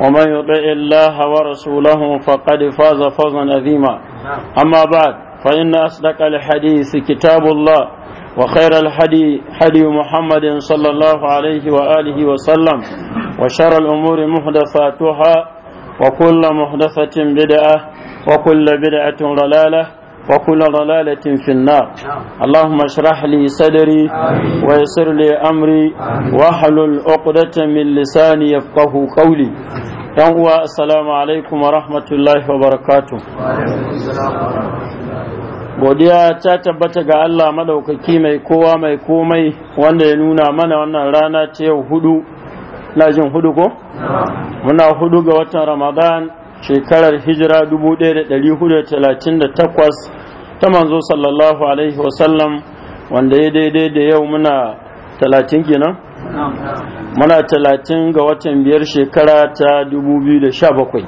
ومن يطع الله ورسوله فقد فاز فوزا عظيما أما بعد فإن أصدق الحديث كتاب الله وخير الحدي حدي محمد صلى الله عليه وآله وسلم وشر الأمور محدثاتها وكل محدثة بدعة وكل بدعة ضلالة وكل ضلالة في النار اللهم اشرح لي صدري ويسر لي أمري واحلل عقدة من لساني يفقه قولي yan uwa assalamu alaikum wa rahmatullahi wa barakatu godiya ta tabbata ga Allah madaukaki mai kowa mai komai wanda ya nuna mana wannan rana ta yau hudu na jin hudu ko muna hudu ga watan ramadan shekarar hijira 1438 ta manzo sallallahu alaihi wasallam wanda ya daidai da yau muna 30 kenan muna talatin ga watan biyar shekara ta 2017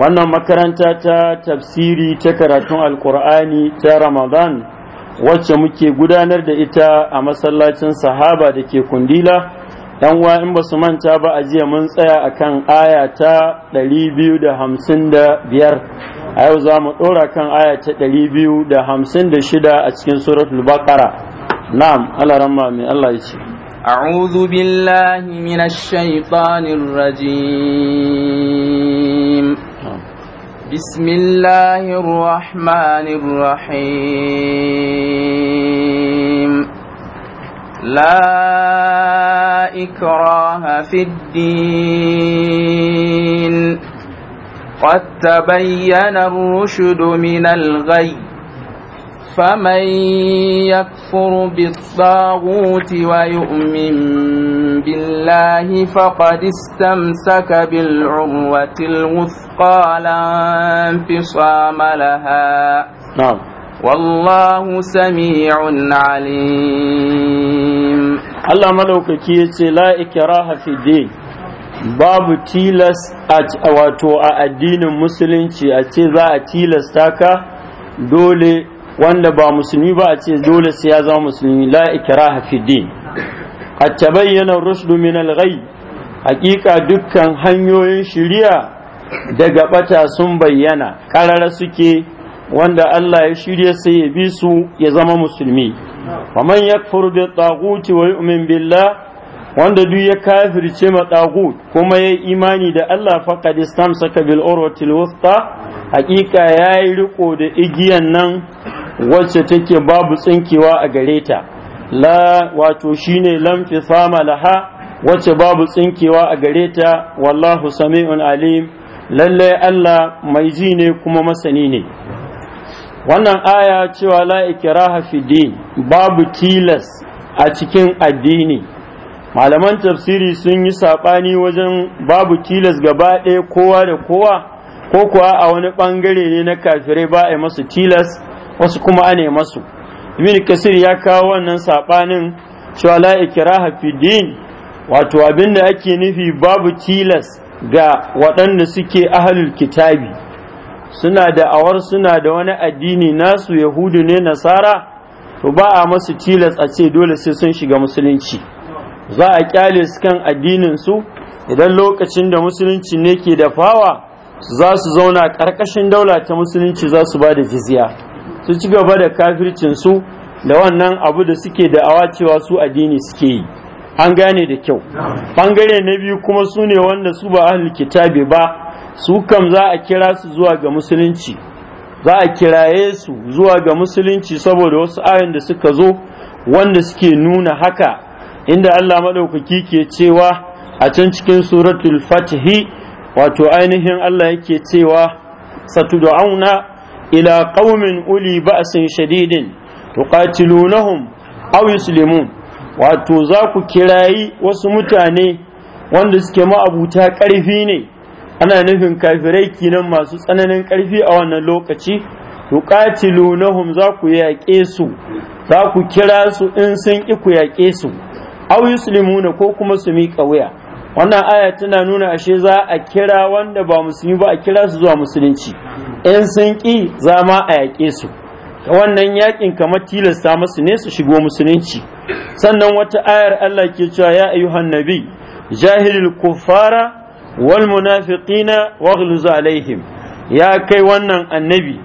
wannan makaranta ta tafsiri ta karatun alkur'ani ta ramadan wacce muke gudanar da ita a masallacin sahaba da ke kundila yan uwa in ba su manta ba a jiya mun tsaya akan aya ta 255 a yau za mu ɗora kan aya ta 256 a cikin suratul baqara na'am Allah ramma mai Allah ya ce أعوذ بالله من الشيطان الرجيم نعم. بسم الله الرحمن الرحيم لا إكراه في الدين قد تبين الرشد من الغي فمن يكفر بالطاغوت ويؤمن بالله فقد استمسك بالعروة الوثقى لا انفصام لها نعم والله سميع عليم الله ملوك كيتي لا إكراه في الدين babu tilas wato a addinin musulunci a ce za a tilasta ka dole wanda ba musulmi ba a ce dole sai ya zama musulmi la ikraha fi din qad tabayyana rushd min al ghayb haqiqa dukkan hanyoyin shari'a daga bata sun bayyana karara suke wanda Allah ya shirya sai ya bi su ya zama musulmi wa man yakfur bi taghuti wa yu'min billah wanda duk ya kafirce ma tagut kuma ya imani da Allah qad istamsaka bil urwatil wusta haqiqa yayi riko da igiyan nan wacce take babu tsinkewa a gare ta la wato shine lam fisama laha wacce babu tsinkewa a gare ta wallahu sami'un alim lalle Allah mai ji ne kuma masani ne wannan aya cewa la ikraha fi din babu tilas a cikin addini malaman tafsiri sun yi saɓani wajen babu tilas gaba ɗaya kowa da kowa ko kuwa a wani ɓangare ne na kafirai ba a masu tilas wasu kuma ane masu ibn kasir ya kawo wannan saɓanin, cewa la ikraha fi din wato abinda ake nufi babu tilas ga waɗanda suke ahlul kitabi suna da awar suna da wani addini nasu yahudu ne nasara to ba a masu tilas a ce dole sai sun shiga musulunci za a kyale su kan addinin su idan lokacin da musulunci ne ke da fawa za su zauna ƙarƙashin daula ta musulunci za su ba da jizya su ci gaba da kafircinsu da wannan abu da suke awa cewa su addini suke yi an gane da kyau bangare na biyu kuma su ne wanda su ba ahli kitabi ba su kam za a kira su zuwa ga musulunci za a kiraye su zuwa ga musulunci saboda wasu ayan da suka zo wanda suke nuna haka inda Allah maɗaukaki ke cewa a can cikin suratul fatihi wato ainihin Allah yake cewa satud'auna ila qaumin uli ba'sin shadidin tuqatilunahum aw yuslimun wato za ku kirayi wasu mutane wanda suke ma'abuta ƙarfi ne ana nufin kafirai kinan masu tsananin ƙarfi a wannan lokaci tuqatilunahum za ku yaƙe su za ku kira su in sun ƙi ku yaƙe su aw yuslimuna ko kuma su miƙa wuya wannan aya tana nuna ashe za a kira wanda ba musulmi ba a kira su zuwa musulunci in sun ƙi za ma a yaƙe su wannan yaƙin kamar tilasta masu ne su shigo musulunci sannan wata ayar Allah ke cewa ya ayyuhan nabi jahilul kuffara wal munafiqina waghluz alaihim ya kai wannan annabi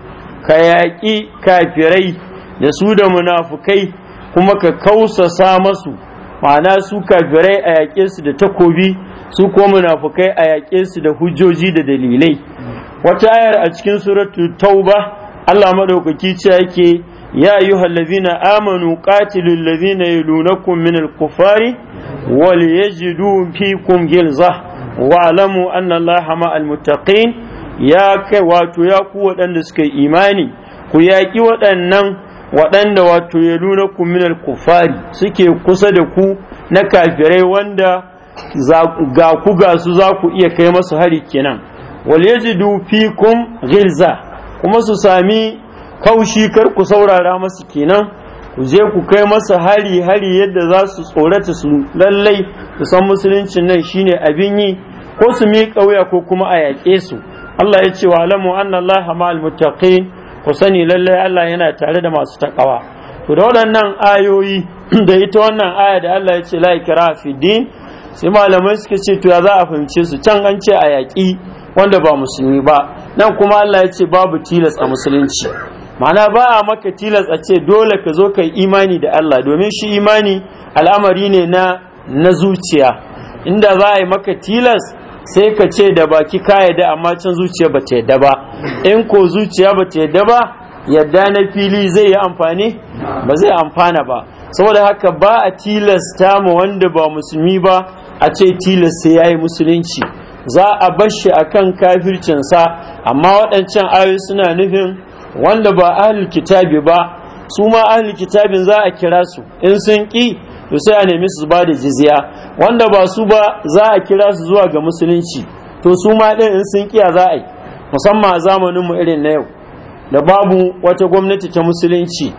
ka yaƙi kafirai da su da munafukai kuma ka kausasa masu ma'ana su kafirai a yaƙe su da takobi su ko munafukai a yaƙe su da hujjoji da dalilai wata ayar a cikin suratu tauba Allah madaukaki ce yake ya ayyuhal ladzina amanu qatilul ladzina yalunakum minal kufari wal yajidu fikum gilza wa alamu anna Allaha ma'al muttaqin ya kai wato ya ku waɗanda suka imani ku yaƙi waɗannan waɗanda wato ya yalunakum minal kufari suke kusa da ku na kafirai wanda ga ku gasu su za ku iya kai masu hari kenan waliyajidu dufi fikum ghilza kuma su sami kaushi kar ku saurara masu kenan ku je ku kai masa hari hari yadda za su tsorata su lallai su san musuluncin nan shine abin yi ko su mi kauya ko kuma a yaƙe su Allah ya ce wa alamu anna Allah ma'al muttaqin ku sani lallai Allah yana tare da masu takawa to da waɗannan ayoyi da ita wannan aya da Allah ya ce la ikra fi din sai malamai suka ce to ya za a fahimce su can an ce a yaƙi wanda ba musulmi ba nan kuma Allah ya ce babu tilas a musulunci ma'ana ba a maka tilas a ce dole ka zo ka yi imani da Allah domin shi imani al'amari ne na na zuciya inda za a yi maka tilas sai ka ce da baki ka yadda amma can zuciya ba ta yadda ba in ko zuciya ba ta yadda ba yadda na fili zai yi amfani ba zai amfana ba saboda haka ba a tilasta ma wanda ba musulmi ba a ce tilas sai ya yi musulunci za a bar shi a akan kafircinsa amma waɗancan ayoyi suna nufin wanda ba ahlul kitabi ba su ma ahlul kitabin za a kira su in sun ƙi to sai a nemi su ba da jizya wanda ba su ba za a kira su zuwa ga musulunci to su ma ɗin in sun ƙiya za a yi musamman a zamanin mu irin na yau da babu wata gwamnati ta musulunci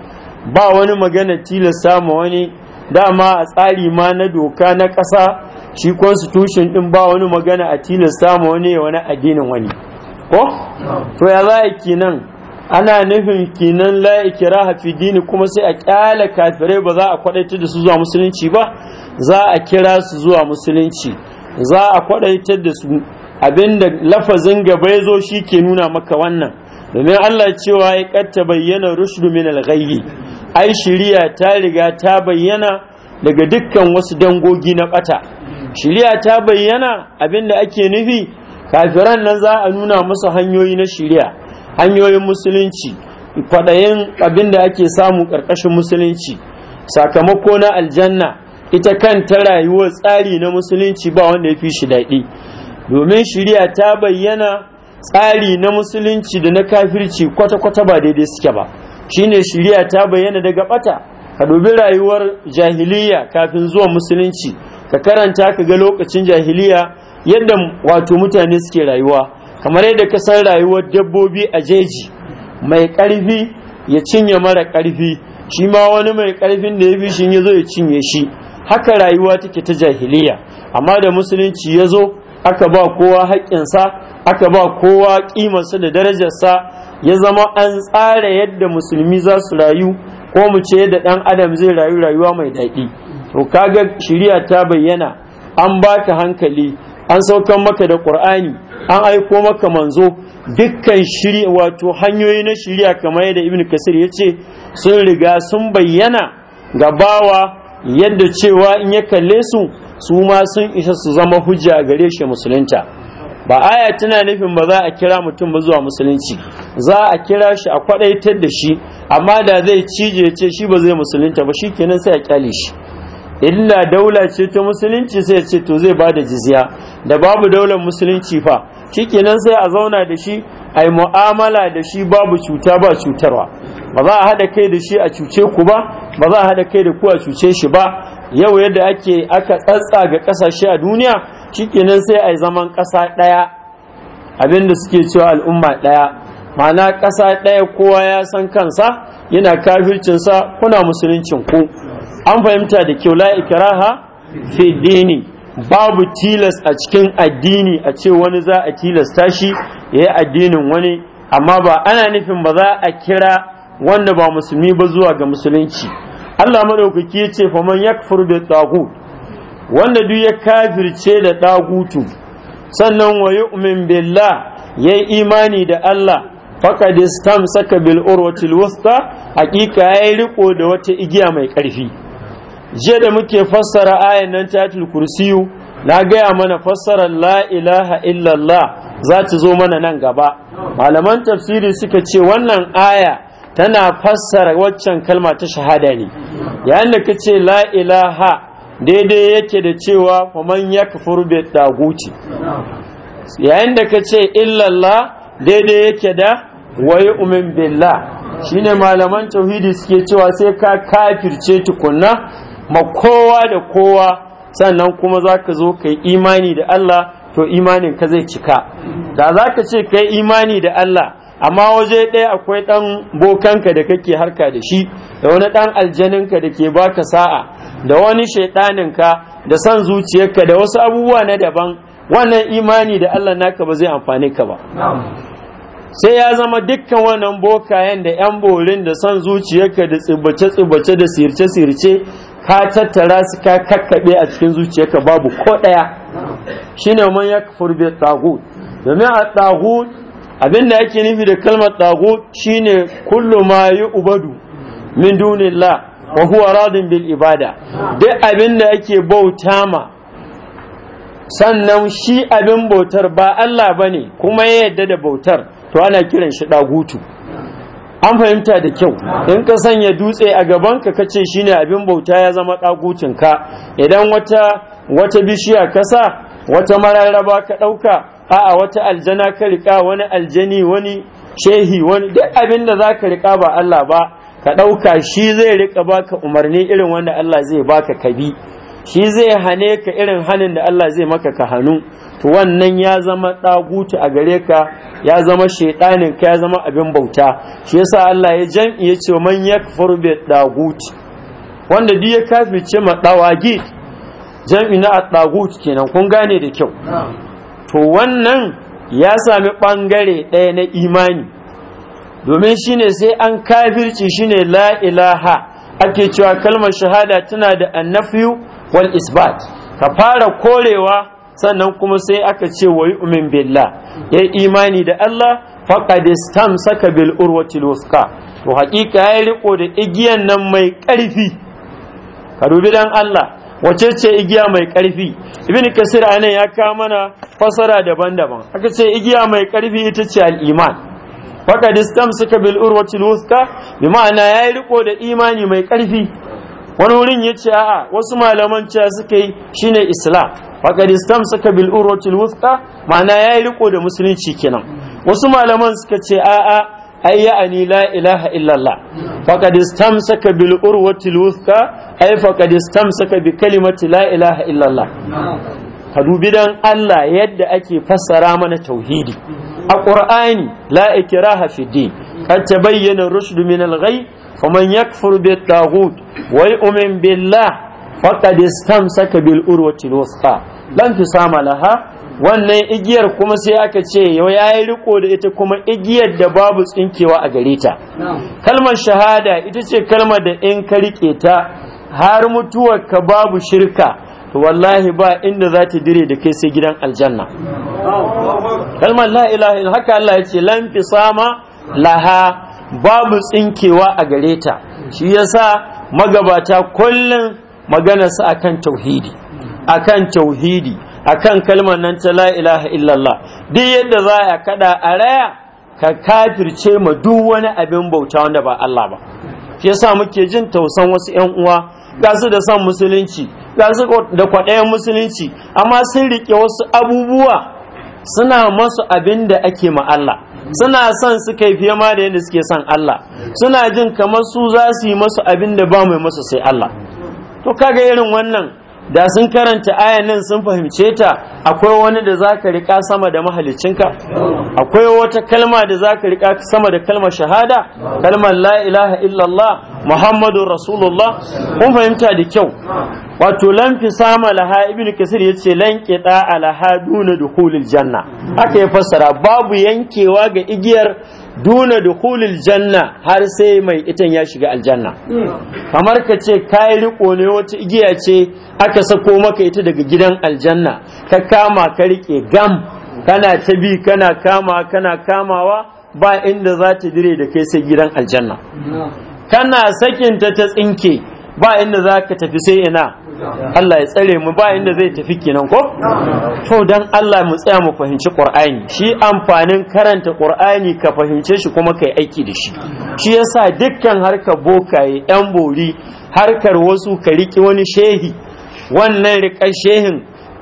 ba wani magana tilasta ma wani dama a tsari ma na doka na ƙasa shi constitution din ba wani magana a tilasta ma wani wani addinin wani ko to ya za a kinan ana nufin kinan la ikiraha fi dini kuma sai a kyala kafirai ba za a kwadaita da su zuwa musulunci ba za a kira su zuwa musulunci za a kwadaita da su abinda lafazin gaba ya zo shi ke nuna maka wannan domin Allah cewa ya katta bayyana rushdu min al-ghayyi ai shiriya ta riga ta bayyana daga dukkan wasu dangogi na ɓata shirya ta bayyana abin da ake nufi kafiran nan za a nuna musu hanyoyi na shirya, hanyoyin musulunci kwaɗayin abin da ake samu ƙarƙashin musulunci sakamako na aljanna ita kan ta rayuwar tsari na musulunci ba wanda ya fi shi daɗi domin shirya ta bayyana tsari na musulunci da na kafirci kwata-kwata ba daidai suke ba shine shirya ta bayyana daga ɓata ka dubi rayuwar jahiliya kafin zuwa musulunci ka karanta ka ga lokacin jahiliya yadda wato mutane suke rayuwa kamar yadda ka san rayuwar dabbobi a jeji mai ƙarfi ya cinye mara ƙarfi shi ma wani mai ƙarfin da ya fi shi ya zo ya cinye shi haka rayuwa take ta jahiliya amma da musulunci ya zo aka ba kowa haƙƙinsa aka ba kowa ƙimarsa da darajarsa ya zama an tsara yadda musulmi za su rayu ko mu ce da ɗan adam zai rayu rayuwa mai daɗi to kaga shiriya ta bayyana an baka hankali an saukan maka da ƙur'ani an aiko maka manzo dukkan shiri wato hanyoyi na shiriya kamar yadda ibn kasir ya ce sun riga sun bayyana ga bawa yadda cewa in ya kalle su su ma sun isa su zama hujja gare shi musulunta ba aya tana nufin ba za a kira mutum ba zuwa musulunci za a kira shi a kwadaitar da shi amma da zai cije ce shi ba zai musulunta ba shikenan sai a kyale shi illa daula ce ta musulunci sai ce to zai bada jizya da babu daular musulunci fa shikenan sai a zauna da shi a yi mu'amala da shi babu cuta ba cutarwa ba za a haɗa kai da shi a cuce ku ba ba za a haɗa kai da ku a cuce shi ba yau yadda ake aka tsatsa ga ƙasashe a duniya shikenan sai a yi zaman ƙasa ɗaya abinda suke cewa al'umma ɗaya ma'ana ƙasa ɗaya kowa ya san kansa yana kafircinsa kuna musuluncin ku an fahimta da kyau la ikraha fi dini babu tilas a cikin addini a ce wani za a tilasta shi ya yi addinin wani amma ba ana nufin ba za a kira wanda ba musulmi ba zuwa ga musulunci Allah madaukaki ya ce faman yakfur furbe ɗagu wanda duk ya kafirce da ɗagutu sannan wa umin billah yi imani da Allah faqad istamsaka bil urwati al wusta ya yayi riko da wata igiya mai ƙarfi. je da muke fassara ayan nan ta kursiyu na gaya mana fassara la ilaha illallah za ta zo mana nan gaba malaman tafsiri suka ce wannan aya tana fassara waccan kalma ta shahada ne yayin da ka ce la ilaha daidai yake da cewa faman ya kafuru bai daguci yayin da ka ce illallah daidai yake da waye umin billah shine malaman tauhidi suke cewa sai ka kafirce tukunna ma kowa da kowa sannan kuma zaka zo ka imani da Allah to imanin ka zai cika da zaka ce ka imani da Allah amma waje ɗaya akwai ɗan bokanka da kake harka da shi da wani ɗan aljaninka da ke baka sa'a da wani shaiɗaninka da son zuciyarka da wasu abubuwa na daban wannan imani da Allah naka ba zai amfane ka ba sai ya zama dukkan wannan bokayen da 'yan borin da son zuciyarka da tsibace-tsibace da sirce-sirce ka tattara su ka kakkaɓe a cikin zuciyarka babu ko ɗaya ne man ya furbe tagut domin a tagut abin da ake nufi da kalmar tagut ne kullu ma yi ubadu min dunillah wa huwa radin bil ibada duk abin da ake bauta ma sannan shi abin bautar ba Allah ba ne kuma ya yadda da bautar to ana kiran shi ɗagutu an fahimta da kyau in ka sanya dutse a gaban ka kace shine abin bauta ya zama dagutun ka idan wata wata bishiya ka sa wata mararraba ka ɗauka a'a wata aljana ka rika wani aljani wani shehi wani duk abin da zaka rika ba Allah ba ka ɗauka shi zai rika baka umarni irin wanda Allah zai baka kabi shi zai hane ka irin hanin da Allah zai maka ka hannu to wannan ya zama ɗaguti a gare ka ya zama shaidanin ka ya zama abin bauta shi yasa Allah ya jam'i ya ce man yakfur bi ɗaguti wanda duk ya ce ma ɗawagi jam'i na ɗaguti kenan kun gane da kyau to wannan ya sami ɓangare ɗaya na imani domin shine sai an kafirci shine la ilaha ake cewa kalmar shahada tana da annafiyu wal isbat ka fara korewa sannan kuma sai aka ce wa yu'min billah yayi imani da Allah faqad istamsaka bil urwatil wuthqa to hakika ya riko da igiyan nan mai karfi ka dubi dan Allah wace ce igiya mai karfi ibn kasir anan ya kawo mana fasara daban-daban aka ce igiya mai ƙarfi ita ce al-iman faqad istamsaka bil urwatil wuthqa bi ma'ana ya riko da imani mai ƙarfi. wani wurin ya ce a'a wasu malaman cewa suka yi shine islam faƙar islam suka bil urotil wuska ma'ana ya yi riko da musulunci kenan wasu malaman suka ce a'a ai ya ani la ilaha illallah faƙad istamsaka bil urwatil wuthqa ai faƙad istamsaka bi kalimati la ilaha illallah ka dubi dan Allah yadda ake fassara mana tauhidi a ƙur'ani la ikraha fi din kad tabayyana min al-ghayb faman yakfur bit taghut wa yu'min billah faqad istamsaka bil urwati alwusqa laha wannan igiyar kuma sai aka ce ya yi riko da ita kuma igiyar da babu tsinkewa a gare ta kalmar shahada ita ce kalmar da in ka riƙe ta har mutuwar ka babu shirka to wallahi ba inda za ta dire da kai sai gidan aljanna kalmar la ilaha haka Allah ya ce lan sama laha babu tsinkewa a gare ta shi yasa magabata kullum maganarsa akan tauhidi akan tauhidi akan kalmar nan ta la ilaha illallah duk yadda za a kada a raya ka kafirce ma duk wani abin bauta wanda ba Allah ba shi yasa muke jin tausan wasu ƴan uwa ga su da son musulunci ga su da kwaɗayan musulunci amma sun riƙe wasu abubuwa suna masu abin da ake ma Allah suna son su kai fiye ma da yadda suke son Allah suna jin kamar su za su yi masu abin da ba mai masu sai Allah to kaga irin wannan da sun karanta ayan nan sun fahimce ta akwai wani da zaka rika sama da mahalicinka akwai wata kalma da zaka rika sama da kalmar shahada kalmar la ilaha illallah muhammadu rasulullah kun fahimta da kyau wato lan sama laha ibn kasir ya ce lan kiɗa alaha duna dukhulil janna Aka yi fassara babu yankewa ga igiyar duna dukhulil janna har sai mai itan ya shiga aljanna kamar ka ce kai riko ne wata igiya ce aka sako maka ita daga gidan aljanna ka kama ka rike gam kana ta bi kana kama kana kamawa ba inda za ta dire da kai sai gidan aljanna kana sakinta ta tsinke ba inda za ka tafi sai ina Allah ya tsare mu ba inda zai tafi kenan ko to dan Allah mu tsaya mu fahimci Qur'ani shi amfanin karanta Qur'ani ka fahimce shi kuma kai aiki da shi shi yasa dukkan harkar bokaye yan bori harkar wasu ka riki wani shehi wannan riƙa shehin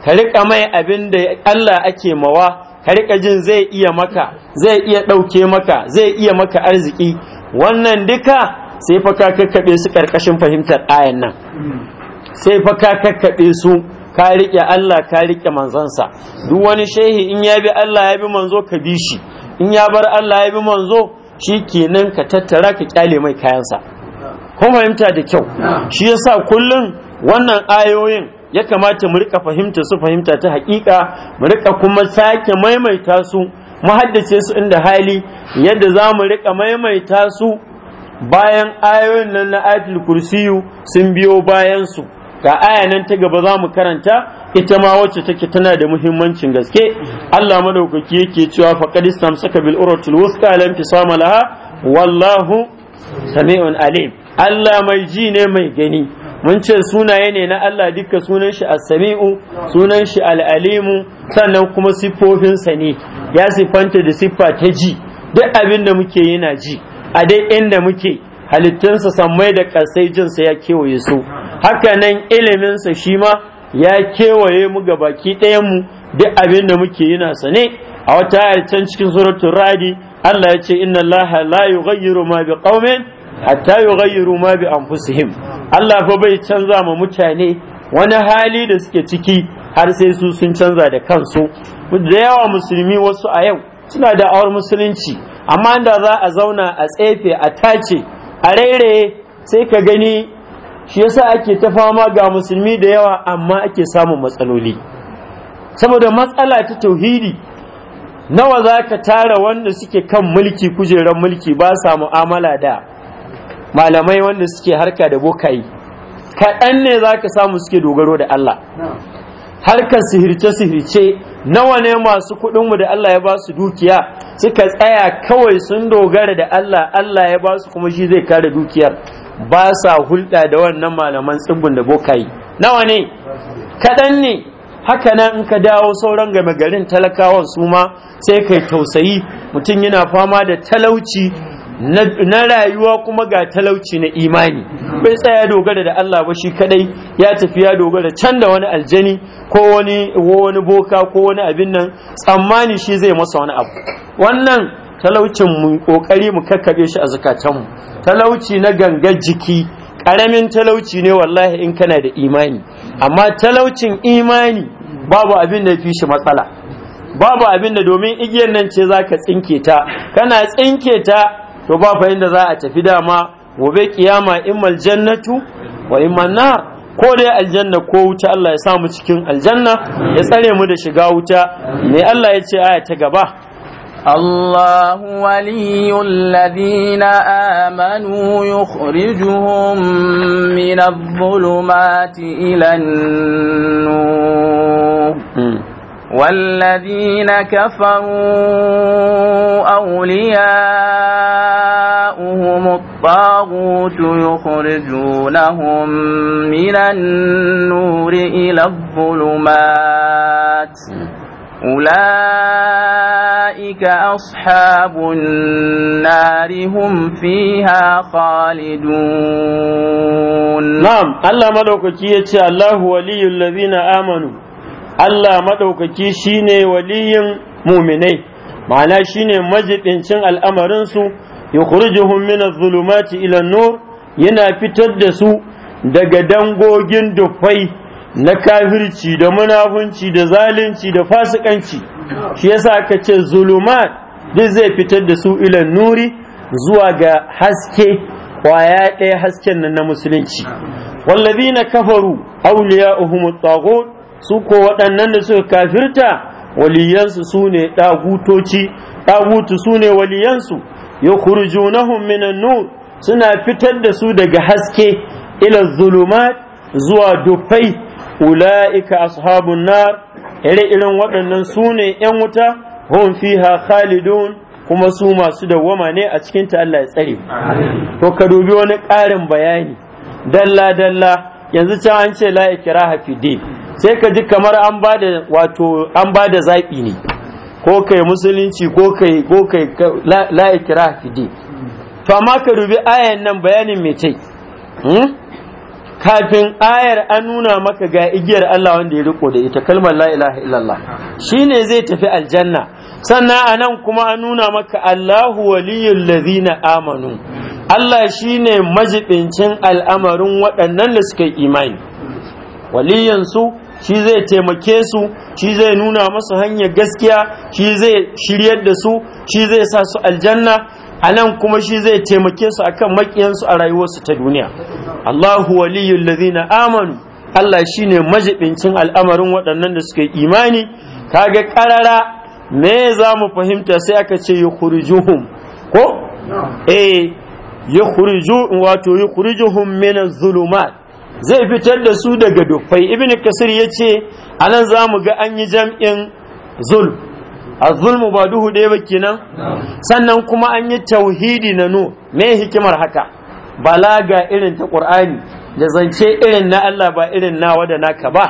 ka riƙa mai abin da Allah ake mawa ka riƙa jin zai iya maka zai iya ɗauke maka zai iya maka arziki wannan duka sai fa ka kakkaɓe su ƙarƙashin fahimtar ayan nan sai fa ka kakkaɓe su ka riƙe Allah ka riƙe manzansa duk wani shehi in ya bi Allah ya bi manzo ka bi shi in ya bar Allah ya bi manzo shi kenan ka tattara ka kyale mai kayansa Kuma fahimta da kyau shi yasa kullum wannan ayoyin ya kamata mu rika fahimta su fahimta ta hakika mu rika kuma sake maimaita su mu haddace su inda hali yadda za mu rika maimaita su bayan ayoyin nan na ayatul kursiyu sun biyo bayan su ga aya nan ta gaba za mu karanta ita ma wacce take tana da muhimmancin gaske Allah madaukaki yake cewa faqad istamsaka bil uratul wuthqa lam tisama laha wallahu sami'un alim Allah mai ji ne mai gani mun ce sunaye ne na Allah dukkan sunan shi as-sami'u sunan shi al-alimu sannan kuma siffofinsa ne ya sifanta da siffa ta ji duk abin da muke yana ji a dai inda muke halittunsa sammai da ƙasai jinsa ya kewaye su haka nan iliminsa shi ma ya kewaye mu ga baki ɗayanmu duk abin da muke yi sane. a wata ayar cikin suratul radi Allah ya ce inna Allah la yughayyiru ma bi qaumin hatta yughayyiru ma bi anfusihim Allah fa bai canza ma mutane wani hali da suke ciki har sai su sun canza da kansu da yawa musulmi wasu a yau suna da awar musulunci amma da za a zauna a tsefe a tace a rairaye sai ka gani shi yasa ake ta fama ga musulmi da yawa amma ake samun matsaloli saboda matsala ta tauhidi nawa za ka tara wanda suke kan mulki kujerar mulki ba sa mu'amala da malamai wanda suke harka da bokayi kaɗan ne za ka samu suke dogaro da Allah harkar sihirce-sihirce nawa ne masu mu da Allah ya ba su dukiya suka tsaya kawai sun dogara da Allah Allah ya ba su kuma shi zai kare dukiyar ba sa hulɗa da wannan malaman tsibbin da bokayi nawa ne kaɗan ne haka nan in ka dawo sauran gama garin talakawan su ma sai kai tausayi mutum yana fama da talauci na rayuwa kuma ga talauci na imani bai tsaya dogara da Allah ba shi kadai ya tafi ya dogara can da wani aljani ko wani wani boka ko wani abin nan tsammani shi zai masa wani abu wannan talaucin mu kokari mu kakkabe shi a mu. talauci na ganga jiki karamin talauci ne wallahi in kana da imani amma talaucin imani babu abin da fi shi matsala babu abin da domin igiyar nan ce zaka ka tsinke ta kana tsinke ta to ba fa inda za a tafi dama gobe kiyama immal jannatu wa imman nar ko dai aljanna ko wuta Allah ya samu cikin aljanna ya tsare mu da shiga wuta me Allah ya ce aya ta gaba الله ولي الذين آمنوا يخرجهم من الظلمات إلى النور والذين كفروا أولياء الطاغوت يخرجونهم من النور إلى الظلمات أولئك أصحاب النار هم فيها خالدون نعم الله مدوكي الله ولي الذين آمنوا الله مدوكي شيني ولي مؤمنين ma'ana shine majibincin al'amarinsu yukhrijuhum min adh-dhulumati ila nur yana fitar da su daga dangogin dufai na kafirci da munafunci da zalunci da fasikanci shi yasa aka ce zulumat duk zai fitar da su ila nuri zuwa ga haske kwaya ɗaya hasken nan na musulunci na kafaru awliya'uhum at-taghut su ko waɗannan da suka kafirta waliyansu sune ɗagutoci ɗagutu sune waliyansu yukhrijunahum minan nur suna fitar da su daga haske ila zulumat zuwa dufai ula'ika ashabun nar ire irin waɗannan su ne ‘yan wuta hum fiha khalidun kuma su masu dawwama ne a cikin ta Allah ya tsare to ka dubi wani ƙarin bayani dalla dalla yanzu can an ce la hafi fi sai ka ji kamar an ba da wato an ba da zaɓi ne ko kai musulunci ko kai ko kai la ikra fi to amma ka dubi ayan nan bayanin me ce hmm? kafin ayar an nuna maka ga igiyar Allah wanda ya riko da ita kalmar la ilaha illallah shine zai tafi aljanna sannan anan kuma an nuna maka Allahu waliyul ladhina amanu Allah shine majibincin al'amarin waɗannan da suka yi imani waliyansu shi zai taimake su shi zai nuna masu hanyar gaskiya shi zai shiryar da su shi zai sa su aljanna a nan kuma shi zai taimake su akan makiyansu a rayuwarsu ta duniya Allahu waliyul ladina amanu Allah shine majibincin al'amarin waɗannan da suka yi imani kaga ƙarara me za mu fahimta sai aka ce yukhrijuhum ko eh yukhruju wato yukhrijuhum min az-zulumat zai fitar da su daga dufai ibn kasir ya ce a nan za mu ga an yi jam'in zulm a zulmu ba duhu ɗaya ba kenan sannan kuma an yi tauhidi na nu me hikimar haka balaga irin ta ƙur'ani da zance irin na Allah ba irin nawa da naka ba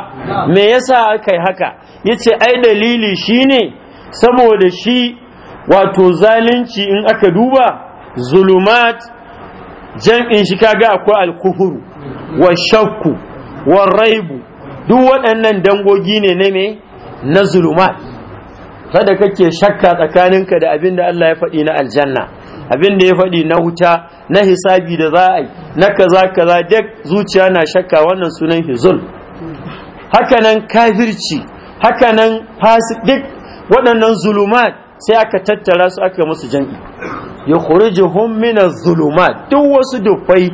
me yasa aka yi haka yace ai dalili shine saboda shi wato zalunci in aka duba zulumat jam'in shi kaga akwai alkuhuru wa shakku wa raibu duk waɗannan dangogi ne na me na zulumat kada kake shakka tsakaninka da abin da Allah ya faɗi na aljanna abin da ya faɗi na wuta na hisabi da za a yi na kaza kaza duk zuciya na shakka wannan sunan hizul hakanan kafirci hakanan fasik duk waɗannan zulumat sai aka tattara su aka musu jam'i ya khurijuhum min az-zulumat duk wasu dufai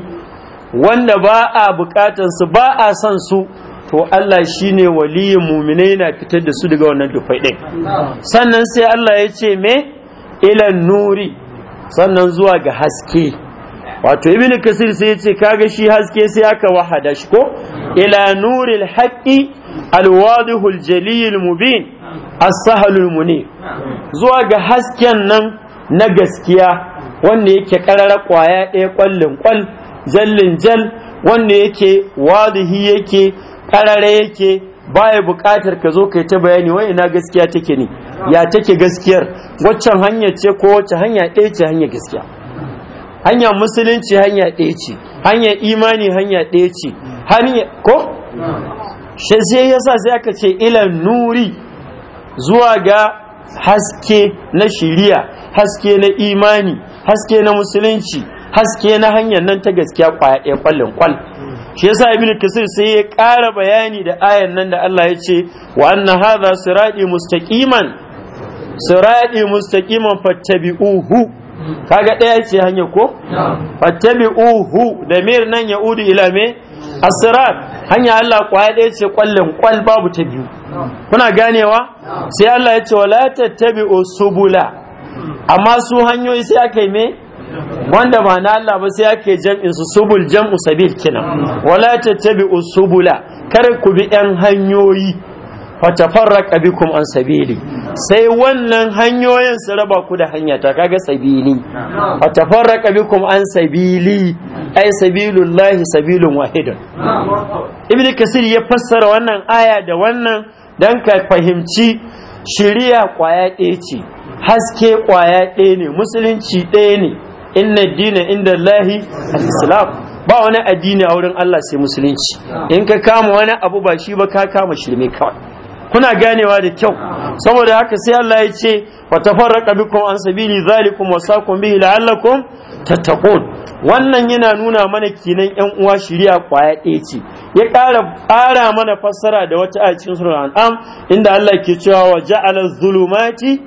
wanda ba a bukatar su ba a son su to Allah shine waliyin muminai na fitar da su daga wannan dufai din sannan sai Allah ya ce me ilan nuri sannan zuwa ga haske wato ibn kasir sai ya ce kaga shi haske sai aka wahada shi ko ila nuril haqqi alwadihul jalil mubin as-sahalul ne. zuwa ga hasken nan na gaskiya wanda yake karara kwaya ɗaya kwallin kwal jallin jal wanda yake wadihi yake karare yake baya buƙatar ka zo kai ta bayani wai ina gaskiya take ne ya take gaskiyar waccan hanya ce ko wacce hanya ɗaya ce hanya gaskiya hanya musulunci hanya ɗaya ce hanya imani hanya ɗaya ce hanya ko shi sai yasa sai aka ce ilan nuri zuwa ga haske na shiriya haske na imani haske na musulunci haske na hanyar nan ta gaskiya kwaya ɗaya kwallon kwal shi yasa ibn kasir sai ya ƙara bayani da ayan nan da Allah ya ce wa anna hadha sirati mustaqiman sirati mustaqiman fattabi'uhu kaga ɗaya ce hanya ko fattabi'uhu da mir nan ya udu ila me asirat hanya Allah kwaya ɗaya ce kwallon kwal babu ta biyu kuna ganewa sai Allah ya ce wala tattabi'u subula amma su hanyoyi sai aka yi me wanda ba na Allah ba sai ake jam'in su subul jam'u sabil kenan wala subula kar ku bi yan hanyoyi tafarraqa bikum an sabili sai wannan hanyoyin su raba ku da hanya ta kaga sabili tafarraqa bikum an sabili ai sabilullahi sabilun wahidun ibnu kasir ya fassara wannan aya da wannan dan ka fahimci shiriya kwaya ɗaya ce haske kwaya ɗaya ne musulunci ɗaya ne inna dina inda lahi al-islam ba wani addini a wurin Allah sai musulunci in ka kama wani abu ba shi ba ka kama shirme kawai kuna ganewa da kyau saboda haka sai Allah ya ce wa tafarraqa bikum an sabili zalikum saqum bihi la'allakum tattaqun wannan yana nuna mana kinan yan uwa shari'a kwaya ɗaya ce ya ƙara ƙara mana fassara da wata a cikin suratul an'am inda Allah ke cewa wa ja'ala zulumati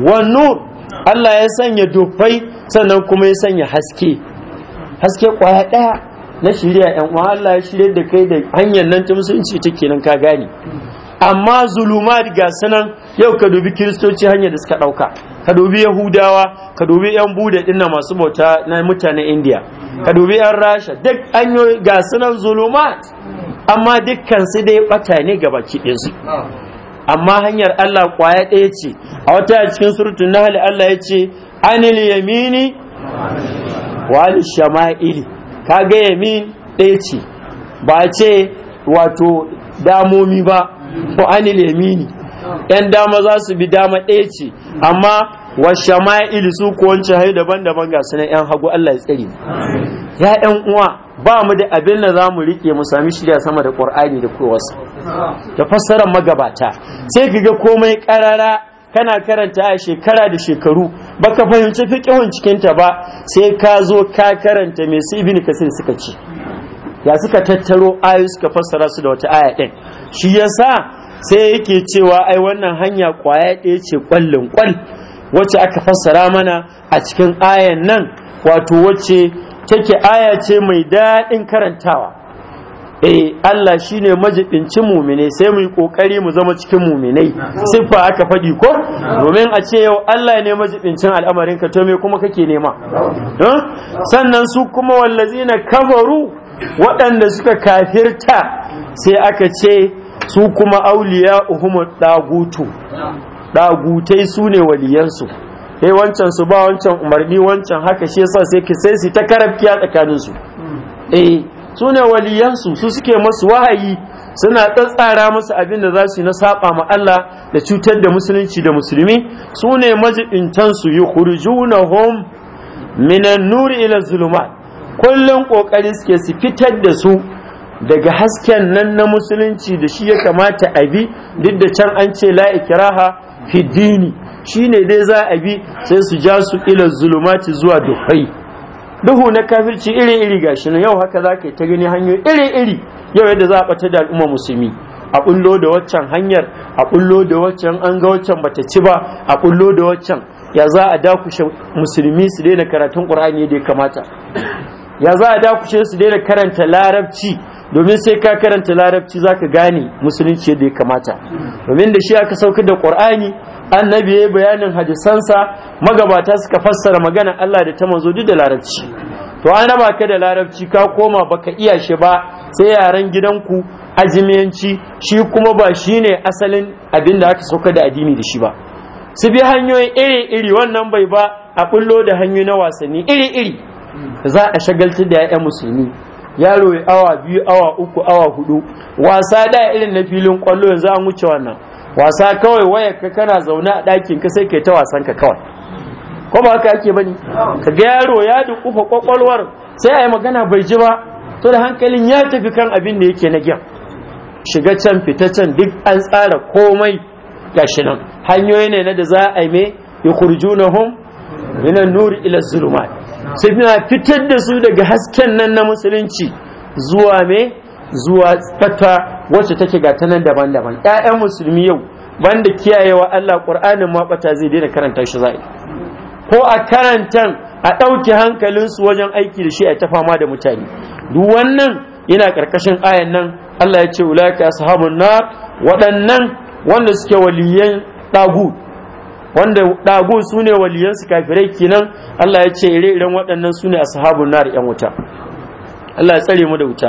wan nur Allah ya sanya dufai sannan kuma ya sanya haske haske kwaya ɗaya na shirya yan uwa Allah ya shirya da kai da hanyar nan ta musulunci ta kenan ka gane amma Zuluma ga sanan yau ka dubi kiristoci hanyar da suka ɗauka ka dubi yahudawa ka dubi yan buda din na masu bauta na mutanen indiya ka dubi yan rasha duk an ga sanan zuluma amma dukkan su dai ɓata ne ga baki ɗinsu amma hanyar Allah kwaya ɗaya ce a wata cikin surutun na Allah ya ce anil yamini wa shama'ili ga yamin ɗaya ce ba ce wato damomi ba ko anil yamini yan dama za su bi dama ɗaya ce amma wa shama'ili su ko hai daban-daban ga sunan yan hagu Allah ya tsari ya yan uwa ba mu da abin da za mu riƙe mu sami shirya sama da ƙur'ani da kowasa da fassarar magabata sai ka ga komai karara kana karanta a shekara da shekaru baka fahimci fiqhun cikin ta ba sai ka zo ka karanta mai su ibnu kasir suka ce ya suka tattaro ayu suka fassara su da wata aya din shi yasa sai yake cewa ai wannan hanya ƙwaya ɗaya ce kwallin kwal wacce aka fassara mana a cikin ayan nan wato wacce take aya ce mai daɗin karantawa eh Allah shine majibincin mumine sai mu yi kokari mu zama cikin muminai siffa aka faɗi ko domin a ce yau Allah ne majibincin al'amarin ka to me kuma kake nema eh? sannan su kuma wallazina kafaru waɗanda suka kafirta sai aka ce su kuma auliya uhumu dagutu dagutai su ne waliyansu eh wancan su ba wancan umarni wancan haka shi yasa sai ki sai su ta karafkiya tsakaninsu eh su ne waliyansu su suke masu wahayi suna tsatsara musu abin da za su yi na saba ma Allah da cutar da musulunci da musulmi su ne majibintansu yi hurjunahum minan nuri ila zuluma kullum kokari suke su fitar da su daga hasken nan na musulunci da shi ya kamata a bi duk da can an ce la ikraha fi dini shine dai za a bi sai su ja su ila zulumati zuwa dukai duhu na kafirci iri-iri gashi yau haka za ka yi ta gani hanyoyi iri-iri yau yadda za a ɓata da al'umma musulmi a ƙullo da waccan hanyar a ƙullo da waccan an ga waccan bata ci ba a ƙullo da waccan ya za a dakushe musulmi su daina karatun ƙur'ani da ya kamata ya za a dakushe su daina karanta larabci domin sai ka karanta larabci za ka gane musulunci yadda ya kamata domin da shi aka saukar da ƙur'ani annabi ya bayanin hadisansa magabata suka fassara magana Allah da ta manzo duk da larabci to an raba ka da larabci ka koma baka iya shi ba sai yaran gidanku ajimiyanci shi kuma ba shine asalin abin da aka sauka da addini da shi ba su bi hanyoyin iri-iri wannan bai ba a bullo da hanyoyi na wasanni iri-iri za a shagaltar da 'ya'yan musulmi yaro awa biyu awa uku awa hudu wasa da irin na filin kwallo yanzu an wuce wannan wasa kawai waya ka kana zaune a ɗakin ka sai kai ta wasan ka kawai ko ba haka ake bane ka ga yaro ya dukufa kwakwalwar sai a yi magana bai ji ba to da hankalin ya tafi kan abin da yake na gyan shiga can fita can duk an tsara komai gashi nan hanyoyi ne na da za a yi mai yukhrijunahum minan nuri ila zulumat sai suna fitar da su daga hasken nan na musulunci zuwa mai zuwa tsata wacce take ga tanan daban-daban ƴaƴan musulmi yau banda kiyayewa Allah Qur'anin ma bata zai daina karanta shi za'i ko a karantan a ɗauki hankalinsu wajen aiki da shi a ta fama da mutane duk wannan yana ƙarƙashin ayan nan Allah ya ce ulaka ashabun na waɗannan wanda suke waliyan dagu wanda dagu su ne su kafirai kenan Allah ya ce ire-iren waɗannan sune ne ashabun nar 'yan wuta Allah ya tsare mu da wuta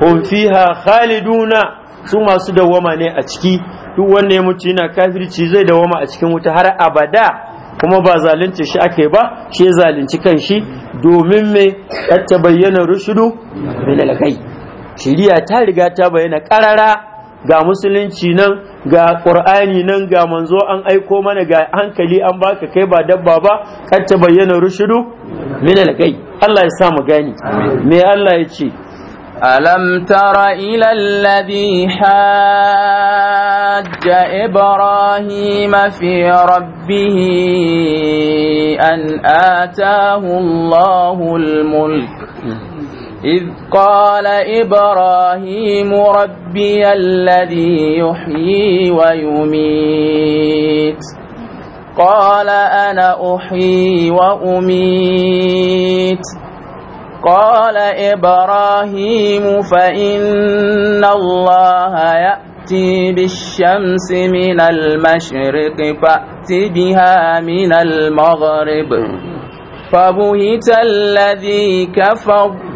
hum fiha khaliduna su masu dawwama ne a ciki duk wanda ya mutu yana kafirci zai dawwama a cikin wuta har abada kuma ba zalunci shi ake ba shi ya zalunci kan shi domin me ta bayyana rushudu min alghai shiriya ta riga ta bayyana karara ga musulunci nan ga ƙur'ani nan ga manzo an aiko mana ga hankali an baka kai ba dabba ba kar ta bayyana rushidu min algai Allah ya sa mu gani me Allah ya ce alam tara ila alladhi hajja ibrahim fi rabbih an آتاه allahul mulk hmm. إذ قال إبراهيم ربي الذي يحيي ويميت قال أنا أحيي وأميت قال إبراهيم فإن الله يأتي بالشمس من المشرق فأت بها من المغرب فبهت الذي كفر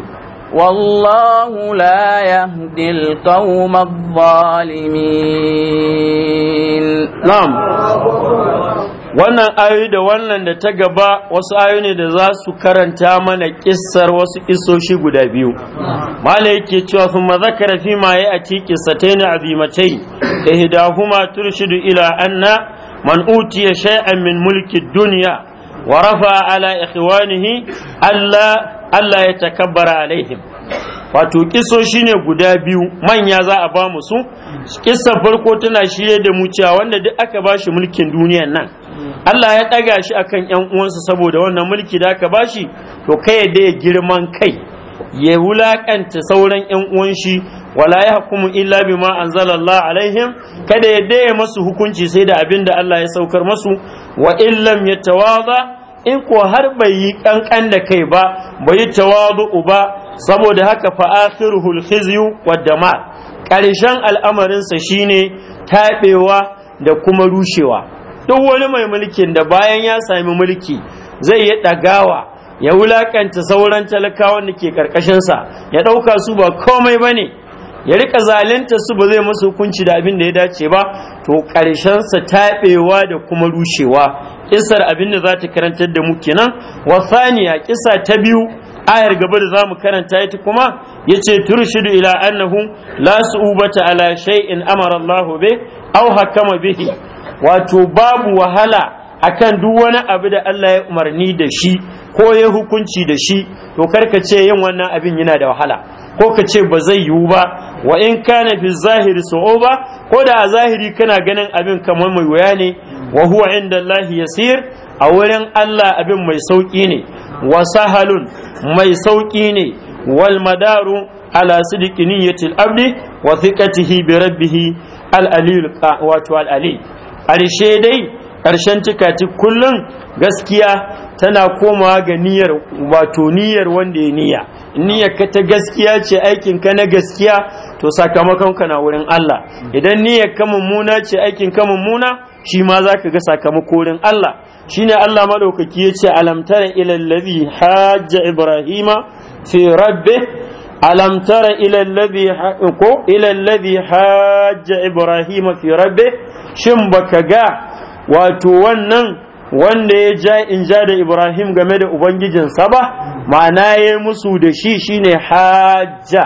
والله لا يهدي القوم الظالمين نعم wannan ayoyi da wannan da ta gaba wasu ayoyi ne da za su karanta mana kissar wasu kisoshi guda biyu mala yake cewa sun mazakara fi ma ya ati kissatai na azimatai da hidahuma turshidu ila anna man utiya shay'an min mulki duniya wa rafa ala ikhwanihi alla Allah ya takabbara alaihim wato kiso ne guda biyu manya za a ba mu su kissar farko tana shirye da mu cewa wanda duk aka ba shi mulkin duniyan nan Allah ya ɗaga shi akan ‘yan uwansa saboda wannan mulki da aka ba shi to kai yadda ya girman kai ya wulaƙanta sauran ‘yan uwan shi wala ya hukumu illa bima anzalallahu alaihim kada ya daya masu hukunci sai da abin da Allah ya saukar masu wa illam ya tawaza in ko har bai yi kankan da kai ba bai yi tawadu ba saboda haka fa akhiruhul khizyu wa dama ƙarshen al'amarinsa shine taɓewa da kuma rushewa duk wani mai mulkin da bayan ya sami mulki zai yi ɗagawa ya wulakanta sauran talakawan da ke ƙarƙashinsa ya ɗauka su ba komai bane ya rika zalunta su ba zai masu hukunci da abin da ya dace ba to ƙarshensa taɓewa da kuma rushewa kisar abin da za ta karantar da mu kenan wa saniya kisa ta biyu ayar gaba da zamu karanta ita kuma yace turshidu ila annahu la su'ubata ala shay'in amara Allah bi aw hakama bihi wato babu wahala akan duk wani abu da Allah ya umarni da shi ko ya hukunci da shi to karka ce yin wannan abin yana da wahala ko ka ce ba zai yiwu ba wa in kana fi zahiri su'uba ko da a zahiri kana ganin abin kamar mai wuya ne Wahuwa huwa inda Allah yasir a wurin Allah abin mai sauƙi ne wa sahalun mai sauƙi ne wal madaru ala sidiki niyyatil abdi wa thiqatihi bi rabbih al alil wato al ali arshe dai karshen tikati kullun gaskiya tana komawa ga niyyar wato niyyar wanda ya niyya niyyar ka ta gaskiya ce aikin ka na gaskiya to sakamakon ka na wurin Allah idan niyyar ka mummuna ce aikin ka mummuna shi ma za ka ga sakamako Allah Allah ne Allah maɗaukaki ya ce alamtara tara hajja ibrahima fi rabbe alamtara tara ko ilallabi hajja ibrahima fi shin baka ga wato wannan wanda ya ja in ja da ibrahim game da ubangijinsa ba ma'ana ya musu da shi shi ne hajja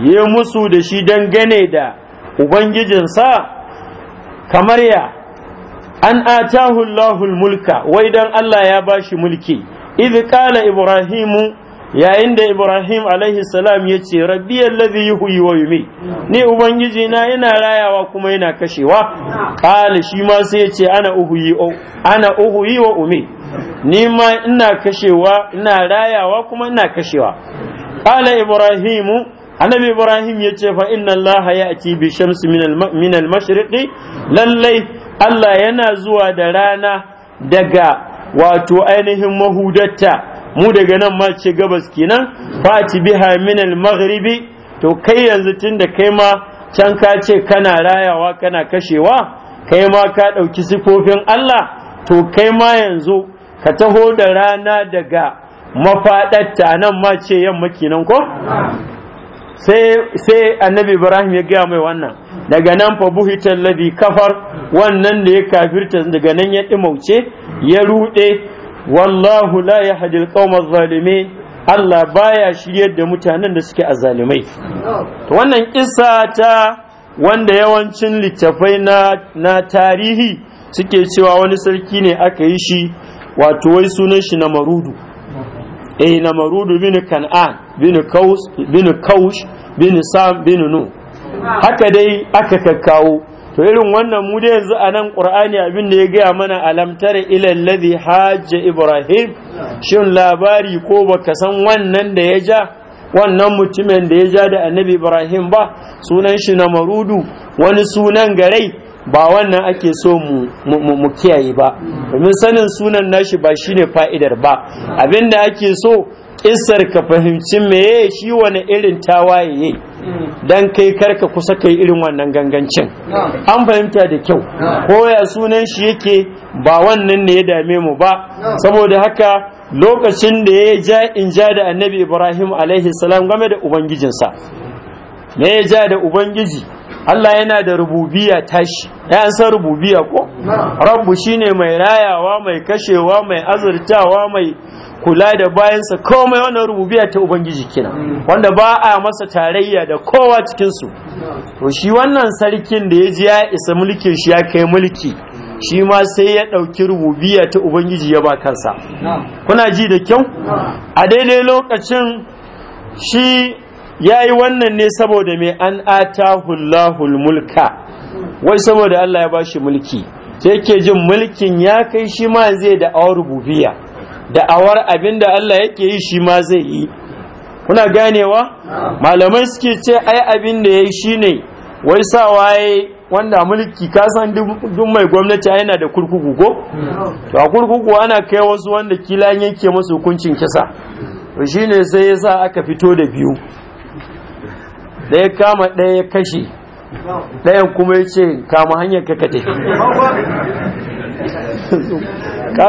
ya musu da shi dangane da ubangijinsa kamar ya an atahu Allahul mulka wai dan Allah ya bashi mulki idh qala ibrahimu yayin da ibrahim alaihi salam ya ce rabbi alladhi yuhyi wa yumi ni ubangiji na yana rayawa kuma yana kashewa qala shi ma sai yace ana uhyi ana uhyi wa umi ni ma ina kashewa ina rayawa kuma ina kashewa qala ibrahimu annabi ibrahim ya ce fa inna allaha ya'ti bi shamsi min al-mashriqi lallai Allah yana zuwa da rana daga wato ainihin mahudatta mu daga nan ma ce gabas kenan fati biha min maghribi to kai yanzu tunda kai ma can ka ce kana rayawa kana kashewa kai ma ka ɗauki sifofin Allah to kai ma yanzu ka taho da rana daga mafaɗatta nan ma ce yamma kenan ko sai annabi ibrahim ya gaya mai wannan daga nan fa buhita kafar wannan da ya kafirta daga nan ya dimauce ya rude wallahu la yahdi alqawma zalimin Allah baya shiryar da mutanen da suke azalimai to wannan kissa ta wanda yawancin littafai na na tarihi suke cewa wani sarki ne aka yi shi wato wai sunan shi na marudu eh na marudu bin kan'an كوس kaus كوش kaush سام sam نو nu haka dai aka kakkawo to irin wannan mu da yanzu a nan qur'ani abin da ya gaya mana alamtare ila alladhi hajja ibrahim shin labari ko baka san wannan da ya ja wannan mutumin da ya ja da annabi ibrahim ba sunan shi na marudu wani sunan garai ba wannan ake so mu kiyaye ba domin sanin sunan nashi ba shine fa'idar ba abinda ake so kissar ka fahimci meye shi wani irin tawaye dan kai karka kusa kai irin wannan gangancin an fahimta da kyau Koya sunan shi yake ba wannan ne ya dame mu ba saboda haka lokacin da ya ja in ja da annabi ibrahim alaihi salam game da ubangijinsa me ya ja da ubangiji Allah yana da rububiya tashi ya an san rububiya ko rabbu shine mai rayawa mai kashewa mai azurtawa mai kula da bayansa komai wannan rububiya ta ubangiji kina, wanda ba a masa tarayya da kowa cikin su to shi wannan sarkin da ya ji ya isa mulkin shi ya kai mulki shi ma sai ya ɗauki rububiya ta ubangiji ya ba kansa kuna ji da kyau a daidai lokacin shi ya yi wannan ne saboda mai an atahullahul mulka wai saboda Allah ya bashi mulki sai yake jin mulkin ya kai shi ma zai da awar rububiya da awar abin da Allah yake yi shi ma zai yi kuna ganewa malamai suke ce ai abin da ya yi shi ne wai sa waye wanda mulki ka san duk mai gwamnati yana da kurkuku ko to a kurkuku ana kai wasu wanda kila yanke masu hukuncin kisa to shine sai yasa aka fito da biyu da ya kama ɗaya ya kashe ɗayan kuma ya ce kama hanyar ka ka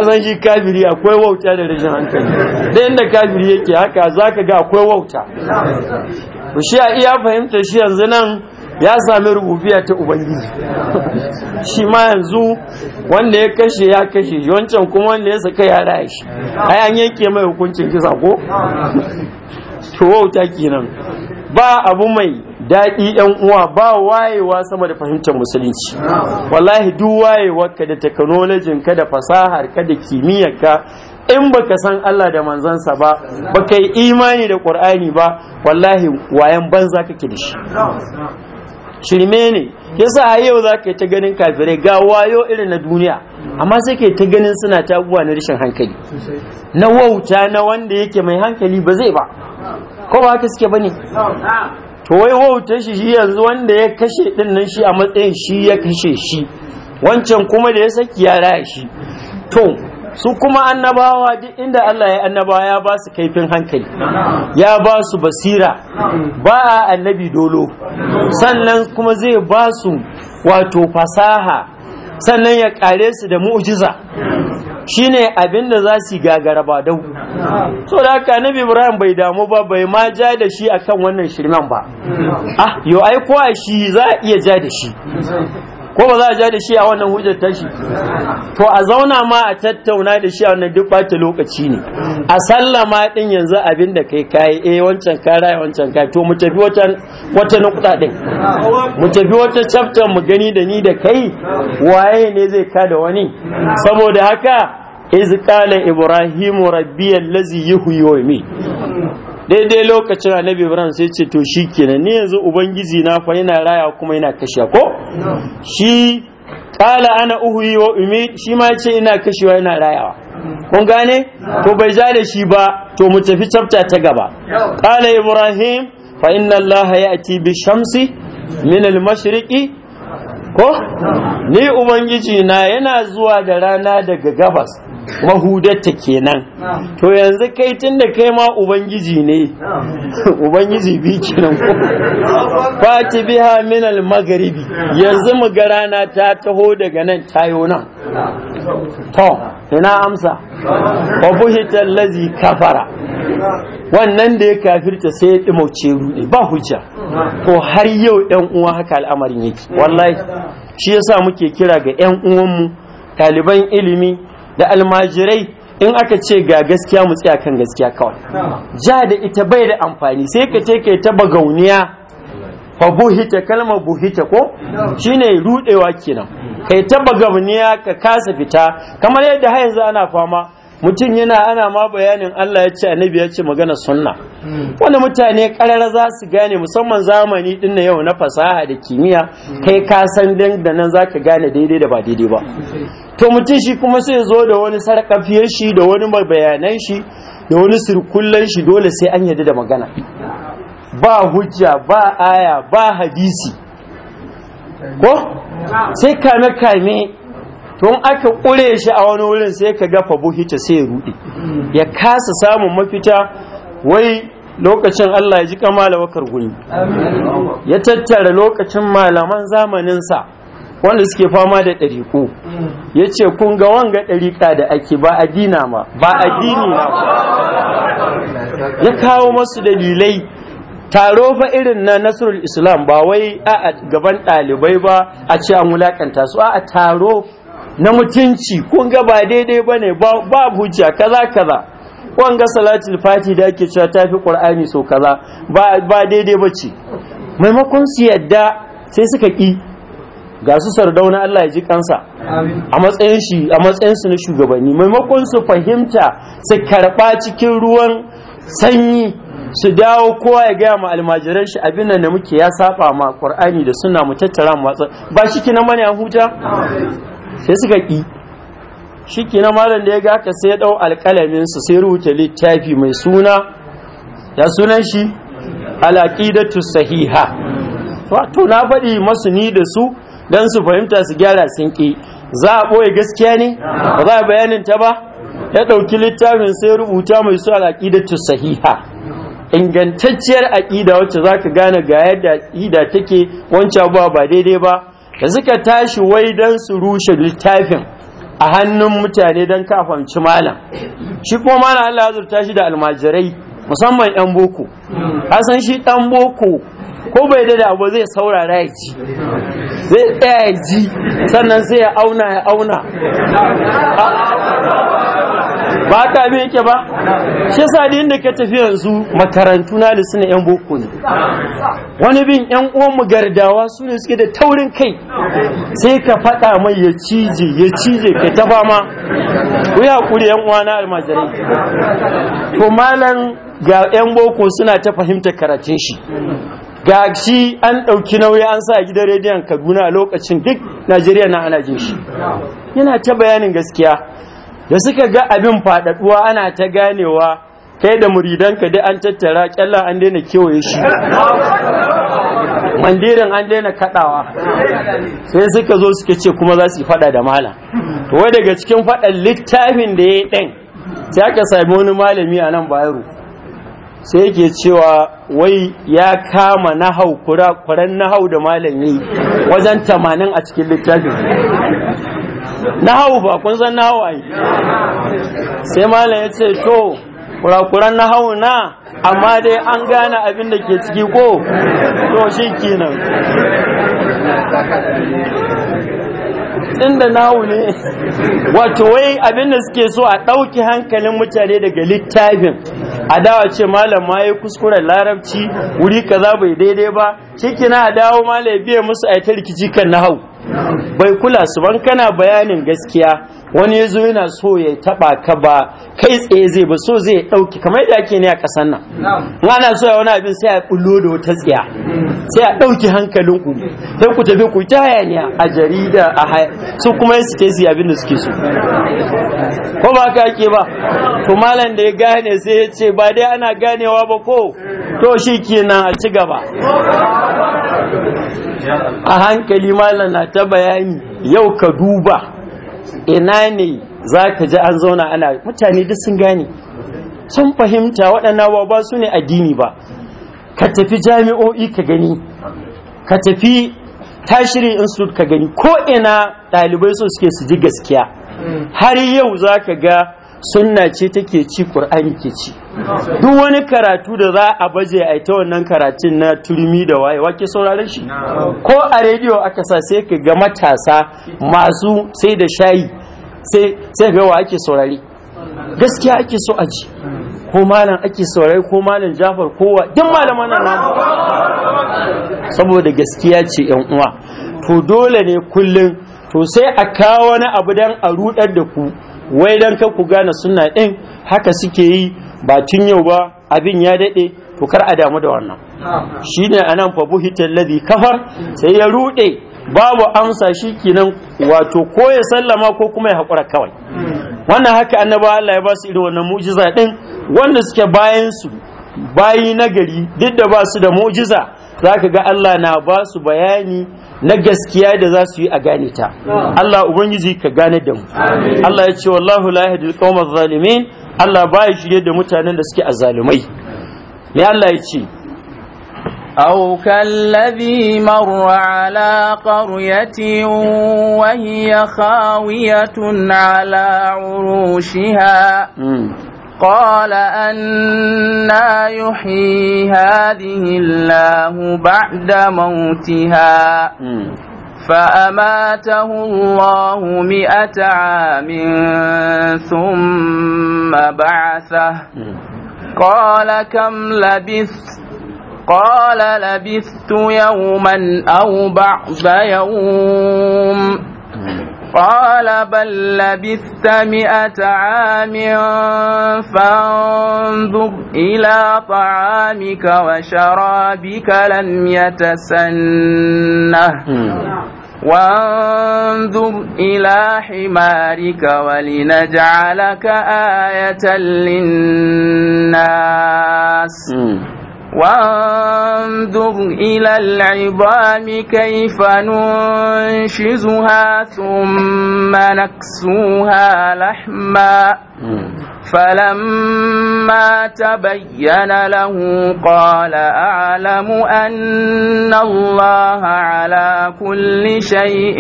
san shi kafiri akwai wauta da rashin hankali da yadda kafiri yake haka za ka ga akwai wauta shi a iya fahimta shi yanzu nan ya sami rububiya ta ubangiji shi ma yanzu wanda ya kashe ya kashe wancan kuma wanda ya saka ya raya shi ai yanke mai hukuncin kisa ko to wauta kenan ba abu mai daɗi yan uwa ba wayewa sama da fahimtar musulunci wallahi duk wayewarka da teknolojin ka da fasahar ka da kimiyyar ka in baka san Allah da manzansa ba baka yi imani da Qur'ani ba wallahi wayan banza kake da shi shirme ne yasa a yau za ka yi ta ganin kafirai ga wayo irin na duniya amma sai ka yi ta ganin suna taguwa na rashin hankali na wauta na wanda yake mai hankali ba zai ba ko ba haka suke bane to wai wauta shi shi yanzu wanda ya kashe din nan shi a matsayin shi ya kashe shi wancan kuma da ya saki ya raya shi to su kuma annabawa duk inda Allah ya annabawa ya ba su kaifin hankali ya ba su basira ba a annabi dolo sannan kuma zai ba su wato fasaha sannan ya kare su da mu'ujiza. Shi ne abin da za su gagara ba dau so da haka annabi ibrahim bai damu ba bai ma ja da shi akan wannan shirman ba ah yo ai ko shi za a iya ja da shi ko ba za a ja da shi a wannan hujjar tashi to a zauna ma a tattauna da shi a wannan duk bata lokaci ne a sallama din yanzu abin da kai kai eh wancan ka raya wancan ka to mu tafi wata wata nukuta din mu tafi wata chapter mu gani da ni da kai waye ne zai ka da wani saboda haka iz qala ibrahimu rabbiyallazi yuhyi wa daidai lokacin annabi ibrahim sai ce to shi kenan ni yanzu ubangiji na fa yana raya kuma yana kashe ko shi kala ana uhuyi wa umi shi ma ce ina kashewa yana rayawa kun gane to bai za da shi ba to mu tafi chapter ta gaba kala ibrahim fa inna allaha ya'ti bi shamsi min al mashriqi ko ni ubangiji na yana zuwa da rana daga gabas mahudatta kenan to yanzu kai tun da kai ma ubangiji ne ubangiji bi kenan ko fati biha min al magharibi yanzu mu ga rana ta taho daga nan tayo nan to ina amsa fa buhita allazi kafara wannan da ya kafirta sai ya ɗimauce rude ba hujja to har yau yan uwa haka al'amarin yake wallahi shi yasa muke kira ga yan uwanmu ɗaliban ilimi da almajirai in aka ce ga gaskiya mu tsaya kan gaskiya kawai ja da ita bai da amfani sai ka ce kai ta gauniya. fa buhita kalmar buhita ko shine rudewa kenan kai ta gauniya ka kasa fita kamar yadda har yanzu ana fama mutum yana ana ma bayanin Allah ya ce annabi ya ce magana sunna wani mutane karara za su gane musamman zamani din na yau na fasaha da kimiyya kai ka san da nan zaka gane daidai da ba daidai ba to mutum shi kuma sai zo da wani sarkafiyar shi da wani bayanan shi da wani sirkullan shi dole sai an yarda da magana ba hujja ba aya ba hadisi ko sai kame kame tun aka ƙure shi a wani wurin sai ka gafa buhita sai ya ruɗe ya kasa samun mafita wai lokacin Allah ya ji kamala wakar guni ya tattara lokacin malaman zamaninsa wanda suke fama da ɗariƙo ya ce kun ga wanga ɗariƙa da ake ba dina ma ba addini na ya kawo masu dalilai taro fa irin na nasarar islam ba wai a gaban ɗalibai ba a ce an wulaƙanta su a taro na mutunci kun ga ba daidai ba ne ba hujja kaza kaza ga salatul fati da ake cewa tafi qur'ani so kaza ba ba daidai ba ce maimakon su yadda sai suka ki ga su sardauna Allah ya ji kansa a matsayin shi a matsayin su na shugabanni maimakon su fahimta su karba cikin ruwan sanyi su dawo kowa ya gaya ma almajiran shi abin nan da muke ya saba ma qur'ani da sunna mu tattara mu ba shi kina mana huta sai suka ƙi shi na malam da ya ga ka sai ɗau alƙalaminsu sai rubuta littafi mai suna ya sunan shi alaƙidatu sahiha wato na faɗi masu ni da su don su fahimta su gyara sun ƙi za a ɓoye gaskiya ne ba za a bayanin ta ba ya ɗauki littafin sai rubuta mai su alaƙidatu sahiha ingantacciyar aƙida wacce za ka gane ga yadda aƙida take wancan ba ba daidai ba da suka tashi wai don su rushe littafin a hannun mutane don kafanci malam shi kuma mana Allah ya zurta shi da almajirai musamman yan boko san shi dan boko ko bai da abu zai saurara ya ji, zai tsaya ya ji sannan sai ya auna ya auna ba ta bai yake ba shi yasa da inda ka tafi yanzu makarantu na da suna yan boko ne wani bin yan uwan mu gardawa su ne suke da taurin kai sai ka faɗa mai ya cije ya cije ka ta fama ku ya kuri yan uwa na almajirai to malam ga yan boko suna ta fahimta karatun shi ga shi an ɗauki nauyi an sa a gidan rediyon kaduna a lokacin duk najeriya na ana jin shi yana ta bayanin gaskiya da suka ga abin faɗaɗuwa ana ta ganewa kai da muridanka dai an tattara kyalla an daina kewaye shi mandirin an daina kaɗawa sai suka zo suka ce kuma za su yi faɗa da malam to wai daga cikin faɗan littafin da ya yi ɗan sai aka sami wani malami a nan bayero sai yake cewa wai ya kama nahau kuran nahau da malam yayi wajen tamanin a cikin littafin na hau ba kun san na hau ai sai malam ya ce to kurakuran na hau na amma dai an gane abin da ke ciki ko to shi kenan inda nawu ne wato wai abin da suke so a ɗauki hankalin mutane daga littafin a dawa ce malam ma yi kuskuren larabci wuri kaza bai daidai ba ciki na a dawo malam ya biya musu a ta rikici kan nahau bai kula su ban kana bayanin gaskiya wani ya zo yana so ya taba ka ba kai tsaye zai ba so zai ɗauki kamar yadda ake ne a ƙasar nan ana so ya wani abin sai a bullo da wata tsiya sai a ɗauki hankalin ku sai ku tafi ku ta hayaniya a jarida a haya su kuma su ke su abin da suke so ko ba ka ake ba to malam da ya gane sai ya ce ba dai ana ganewa ba ko to shi kenan a ci gaba a hankali malam na ta bayani yau ka duba ina ne za ka ji an zauna ana mutane duk sun gane sun fahimta waɗannan ba su ne addini ba ka tafi jami'o'i ka gani ka tafi tashirin institute ka gani ko ina ɗalibai so suke su ji gaskiya har yau za ka ga sunna ce take ci qur'ani ke ci duk wani karatu da za a baje a ta wannan karatun na turmi da waye wake sauraron shi ko a rediyo aka sa sai ka ga matasa masu sai da shayi sai sai ga wa ake saurari gaskiya ake so a ji ko malam ake saurari ko malam jafar kowa duk malaman nan saboda gaskiya ce yan uwa to dole ne kullum to sai a kawo wani abu dan a rudar da ku wai dan kan ku gane sunna ɗin haka suke yi ba tun yau ba abin ya daɗe to kar a damu da wannan shine anan fa buhital ladhi kafar sai ya rude babu amsa shi kenan wato ko ya sallama ko kuma ya haƙura kawai wannan haka annaba Allah ya ba su irin wannan mu'jiza ɗin wanda suke bayan su bayi nagari duk da ba su da mu'jiza zaka ga Allah na ba su bayani na gaskiya da za su yi a gane ta Allah ubangiji ka gane da mu Allah ya ce wallahu la al qawma zalimin Allah baya shirye da mutanen da suke azalumai me Allah ya ce أو كالذي مر على قرية وهي خاوية على عروشها قال أنا يحيي هذه الله بعد موتها فأماته الله مئة عام ثم بعثه قال كم لبثت قال لبثت يوما أو بعض يوم قال بل لبثت مئة عام فانظر إلى طعامك وشرابك لم يتسنه وانظر إلى حمارك ولنجعلك آية للناس وانظر إلى العظام كيف ننشزها ثم نكسوها لحما فلما تبين له قال أعلم أن الله على كل شيء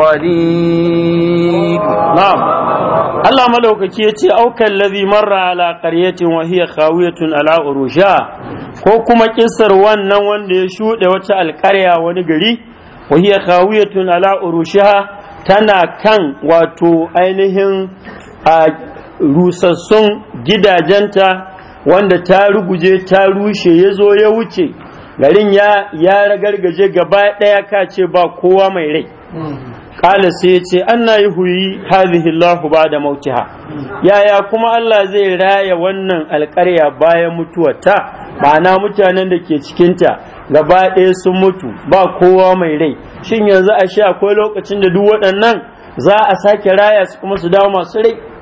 قدير نعم الله ملوك كيتي أو كالذي مر على قرية وهي خاوية على أروجها ko kuma kisar wannan wanda ya shuɗe wata alƙarya wani gari wa hiya ala urushiha tana kan wato ainihin rusassun gidajenta wanda ta ruguje ta rushe ya zo ya wuce garin ya ya ragargaje gaba ɗaya ka ce ba kowa mai rai kala sai ya ce an na yi huyi hadhihi Allahu ba da mautiha yaya kuma Allah zai raya wannan alƙarya bayan mutuwarta ma'ana mutanen da ke cikinta gaba ɗaya sun mutu ba kowa mai rai shin yanzu a shi akwai lokacin da duk waɗannan za a sake raya su kuma su dawo masu rai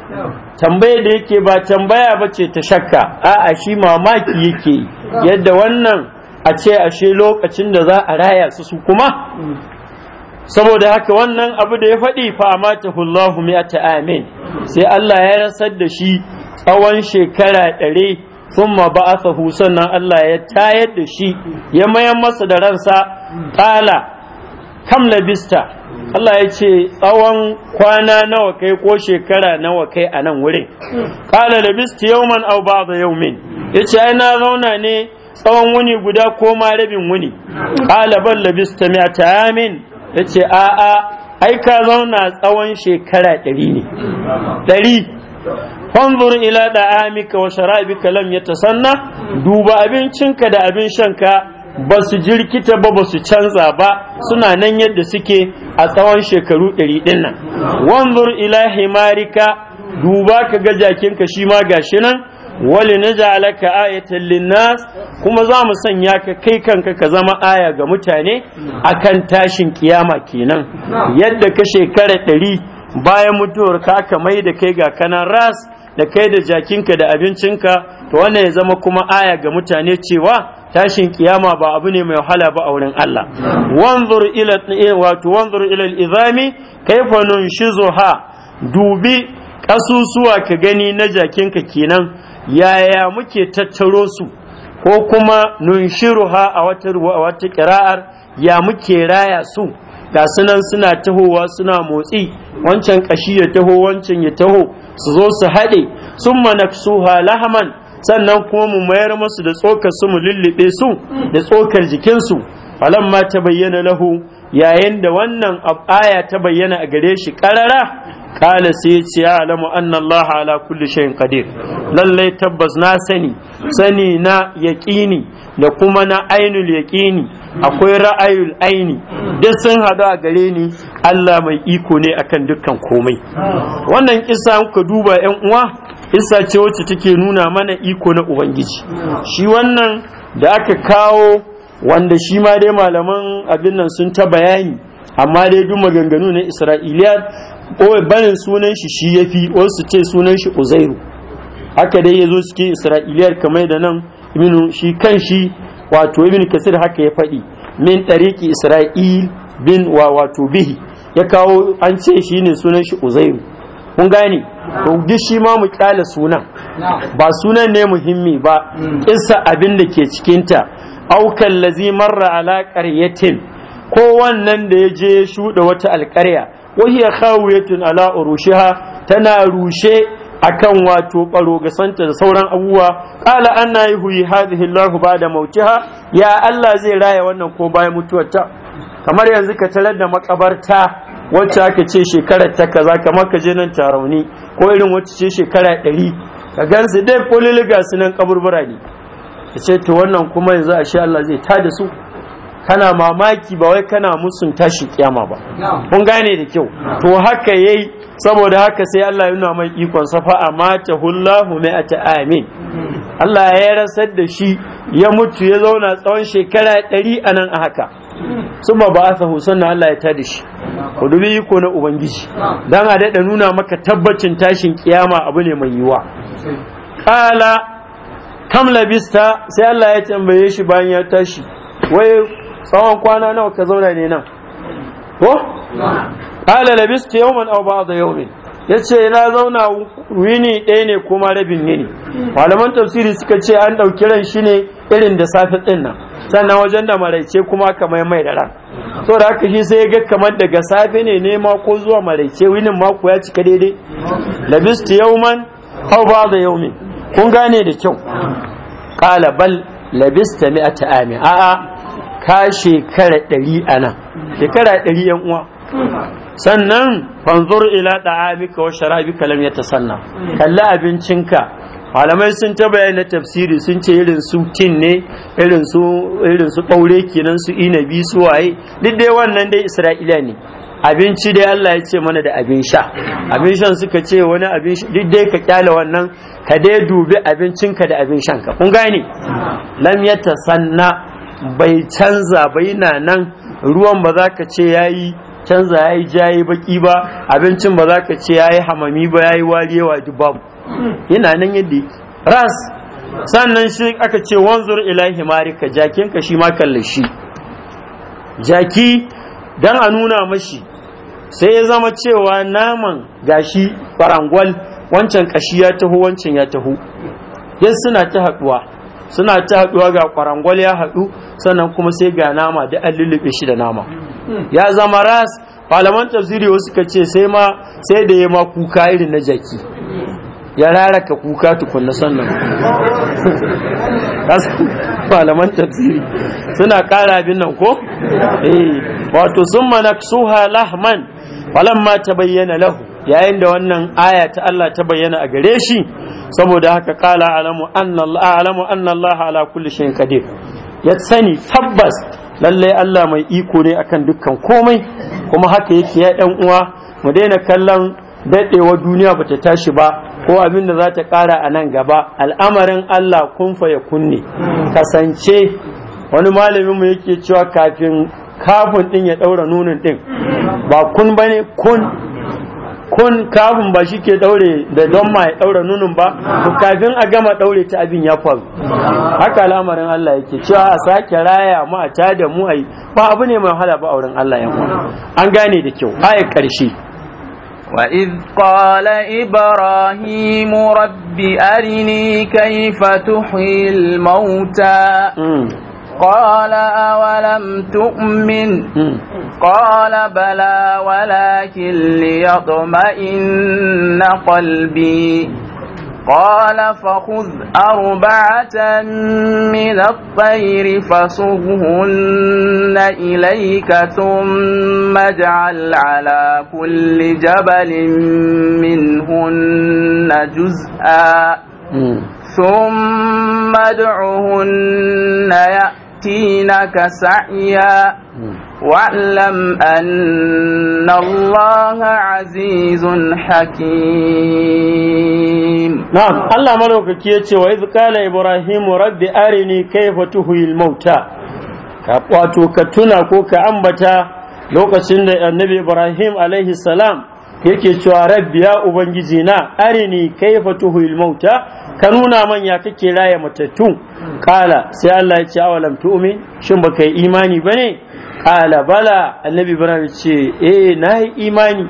tambaya da yake ba tambaya ba ce ta shakka a'a shi mamaki yake yadda wannan a ce ashe lokacin da za a raya su su kuma saboda haka wannan abu da ya faɗi fa amatahu Allahu mi'ata amin sai Allah ya rasar da shi tsawon shekara ɗare thumma ba'athahu sannan Allah ya tayar da shi ya mayan masa da ransa 'ƙala kam labista Allah ya ce tsawon kwana nawa kai ko shekara nawa kai a nan wurin qala labistu yawman aw ba'da yawmin yace ai na zauna ne tsawon wuni guda ko ma rabin wuni da bisti labista ta amin yace a a ai ka zauna tsawon shekara ɗari ne ɗari fanzur ila da amika wa sharabika lam yatasanna duba abincinka da abin shanka ba su jirkita ba ba su canza ba suna nan yadda suke a tsawon shekaru ɗari ɗin nan wanzur ila himarika duba ka ga jakinka shi ma shi nan wali na najalaka ayatan linnas kuma za mu sanya ka kai kanka ka zama aya ga mutane akan tashin kiyama kenan yadda ka shekara ɗari bayan mutuwar ka aka mai da kai ga kanan ras da kai da jakinka da abincinka to wannan ya zama kuma aya ga mutane cewa tashin kiyama ba abu ne mai wahala ba a wurin Allah wanzur ila wato wanzur ila al-izami nunshizu nunshizuha dubi kasusuwa ka gani na jakinka kenan yaya muke tattaro su ko kuma nunshiruha a wata a wata qira'ar ya muke raya su ga sunan suna tahowa suna motsi wancan kashi ya taho wancan ya taho su zo su haɗe sun naksuha lahaman sannan kuma mu mayar masu da tsokar su mu lullube su da tsokar jikinsu ma ta bayyana lahu yayin da wannan aya ta bayyana a gare shi karara kala sai ce ya alamu anna Allah ala kulli shay'in qadir lallai tabbas na sani sani na yaqini da kuma na ainul yaqini akwai ra'ayul aini duk sun hadu a gare ni Allah mai iko ne akan dukkan komai wannan kisa ka duba yan uwa isa ce wacce take nuna mana iko na ubangiji shi wannan da aka kawo wanda shi ma dai malaman abin nan sun ta bayani amma dai duk maganganu na Isra'iliyar, isra'iliya banin sunan shi shi yafi wasu ce sunan shi uzairu haka dai ya zo cikin isra'iliyar kamar da nan ibn shi kan shi wato ibn kasir haka ya faɗi min ɗariki isra'il bin wa wato bihi ya kawo an ce shi ne sunan shi uzairu kun gane duk shi ma mu kyale sunan ba sunan ne muhimmi ba kissa abin da ke cikinta aukan lazi marra ala qaryatin ko wannan da ya je ya shuɗe wata alƙarya wahiya khawiyatun ala urushiha tana rushe akan wato ɓaro ga santa da sauran abubuwa qala anna yuhyi hadhihi Allahu ba'da mautiha ya Allah zai raya wannan ko bayan mutuwarta kamar yanzu ka tarar da makabarta wacce aka ce shekara ta kaza kamar ka je nan tarauni ko irin wacce ce shekara ɗari ka gan su dai kolili ga su nan kaburbura ne ka ce to wannan kuma yanzu a shi Allah zai da su kana mamaki ba wai kana musun tashi kiyama ba kun gane da kyau to haka yayi saboda haka sai Allah ya nuna mai ikon safa ta hullahu ta amin hmm. Allah ya rasar da shi ya mutu ya zauna tsawon shekara ɗari a nan a haka sun ba ba sannan Allah ya tada shi ku dubi iko na ubangiji dan a daɗa nuna maka tabbacin tashin kiyama abu ne mai yiwa ƙala kam labista sai Allah ya tambaye shi bayan ya tashi wai tsawon kwana nawa ka zauna ne nan ko ƙala labista yawman aw yau yawmin ya ce na zauna wini ɗaya ne kuma rabin ne ne. malaman tafsiri suka ce an ɗauki ran shi ne irin da safe ɗin nan sannan wajen da maraice kuma kamar mai da ran so da haka shi sai ya ga kamar daga safe ne ne mako zuwa maraice winin mako ya cika daidai labistu yauman hau ba da yaumi kun gane da kyau kala bal labista mi'ata a'a ka shekara ɗari a shekara ɗari yan uwa sannan fanzur ila da'amika wa sharabika lam yatasanna kalli abincinka malamai sun ta bayyana tafsiri sun ce irin su tin ne irin su irin su kenan su inabi su waye duk dai wannan dai isra'ila ne abinci dai Allah ya ce mana da abin sha abin shan suka ce wani abin duk dai ka kyale wannan ka dai dubi abincinka da abin shanka kun gane lam yatasanna bai canza bai na nan ruwan ba za ka ce yayi canza ya yi jayi baki ba abincin ba za ka ce ya yi hamami ba ya yi wariyewa duk babu yana nan yadda yake ras sannan shi aka ce wanzur ila himarika ka shi ma kalle shi jaki dan a nuna mashi sai ya zama cewa naman gashi farangwal wancan kashi ya taho wancan ya taho yin suna ta haɗuwa, suna ta haɗuwa ga kwarangwal ya haɗu, sannan kuma sai ga nama da an lullube shi da nama ya zama ras malaman tafsiri wasu ka ce sai ma sai da ya ma kuka irin na jaki ya raraka kuka na sannan malaman tafsiri suna kara abin nan ko eh, wato sun manaksuha lahman ma ta bayyana lahu yayin da wannan aya ta Allah ta bayyana a gare shi saboda haka kala alamu annallaha Allah ala kulli shay'in kadir ya sani tabbas lallai Allah mai iko ne akan dukkan komai kuma haka yake ya ɗan uwa mu daina kallon daɗewa duniya bata tashi ba ko abin da za ta ƙara a nan gaba al'amarin Allah kun ya kunne kasance wani malamin mu yake cewa kafin kafin ɗin ya ɗaura nunin ɗin ba kun bane kun kun kafin ba shi ke daure da don ma ya daura nunin ba kafin a gama daure ta abin ya faru haka lamarin Allah yake cewa a sake raya mu a ta da mu ai ba abu ne mai wahala ba wurin Allah ya an gane da kyau ayi karshe وإذ qala ibrahim rabbi arini kayfa tuhil mauta hmm. قال أولم تؤمن قال بلى ولكن ليطمئن قلبي قال فخذ أربعة من الطير فصغهن إليك ثم اجعل على كل جبل منهن جزءا ثم ادعهن يأتي يأتينك سعيا واعلم أن الله عزيز حكيم نعم الله ملوك كيتي وإذ قال إبراهيم رب أرني كيف تهوي الموتى wato ka tuna ko ka ambata lokacin da annabi ibrahim yake cewa rabbi ya ubangiji na arini kaifa tuhil mauta ka nuna man ya kake raya matattu kala sai Allah ya ce awalam tu'min shin baka yi imani bane kala bala annabi ibrahim ce eh na yi imani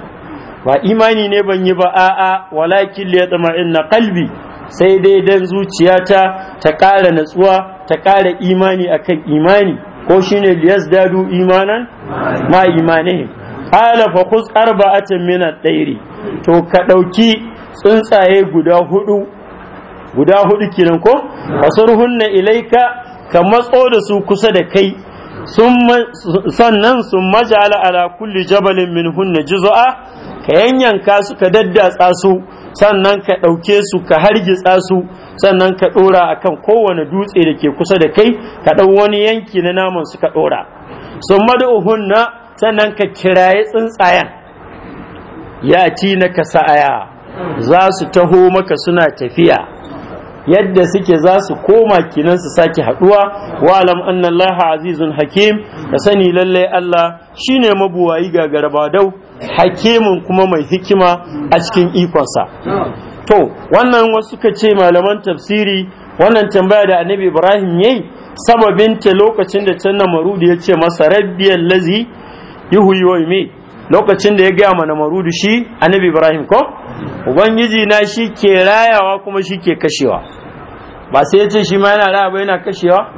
ba imani ne ban yi ba a'a walakin li yatma'inna qalbi sai dai dan zuciyata ta ƙara natsuwa ta ƙara imani akan imani ko shine liyazdadu imanan ma imanihim Hala fa khuz a min ad ɗairi to ka ɗauki tsuntsaye guda hudu guda hudu kenan ko hunna ilaika ka matso da su kusa da kai sannan sun majala ala kulli jabalin min hunna juz'a ka yanyanka su ka daddatsa su sannan ka ɗauke su ka hargitsa su sannan ka ɗora a kan kowane dutse da ke kusa da kai ka ɗau wani yanki na naman su ka ɗora sun madu'uhunna sannan ka kiraye tsuntsayen ya ci na ka sa'aya za su taho maka suna tafiya yadda suke za su koma kinan su sake haduwa wa alam anna Allah azizun hakim ka sani lallai Allah shine mabuwayi ga garbadau hakimin kuma mai hikima a cikin ikonsa to wannan wasu suka ce malaman tafsiri wannan tambaya da annabi Ibrahim yayi sababin ta lokacin da can marudi ya ce masa rabbiyal lazi yuhyi wa lokacin da ya gaya mana marudu shi annabi ibrahim ko ubangiji na shi ke rayawa kuma shi ke kashewa ba sai ya ce shi ma yana raya ba yana kashewa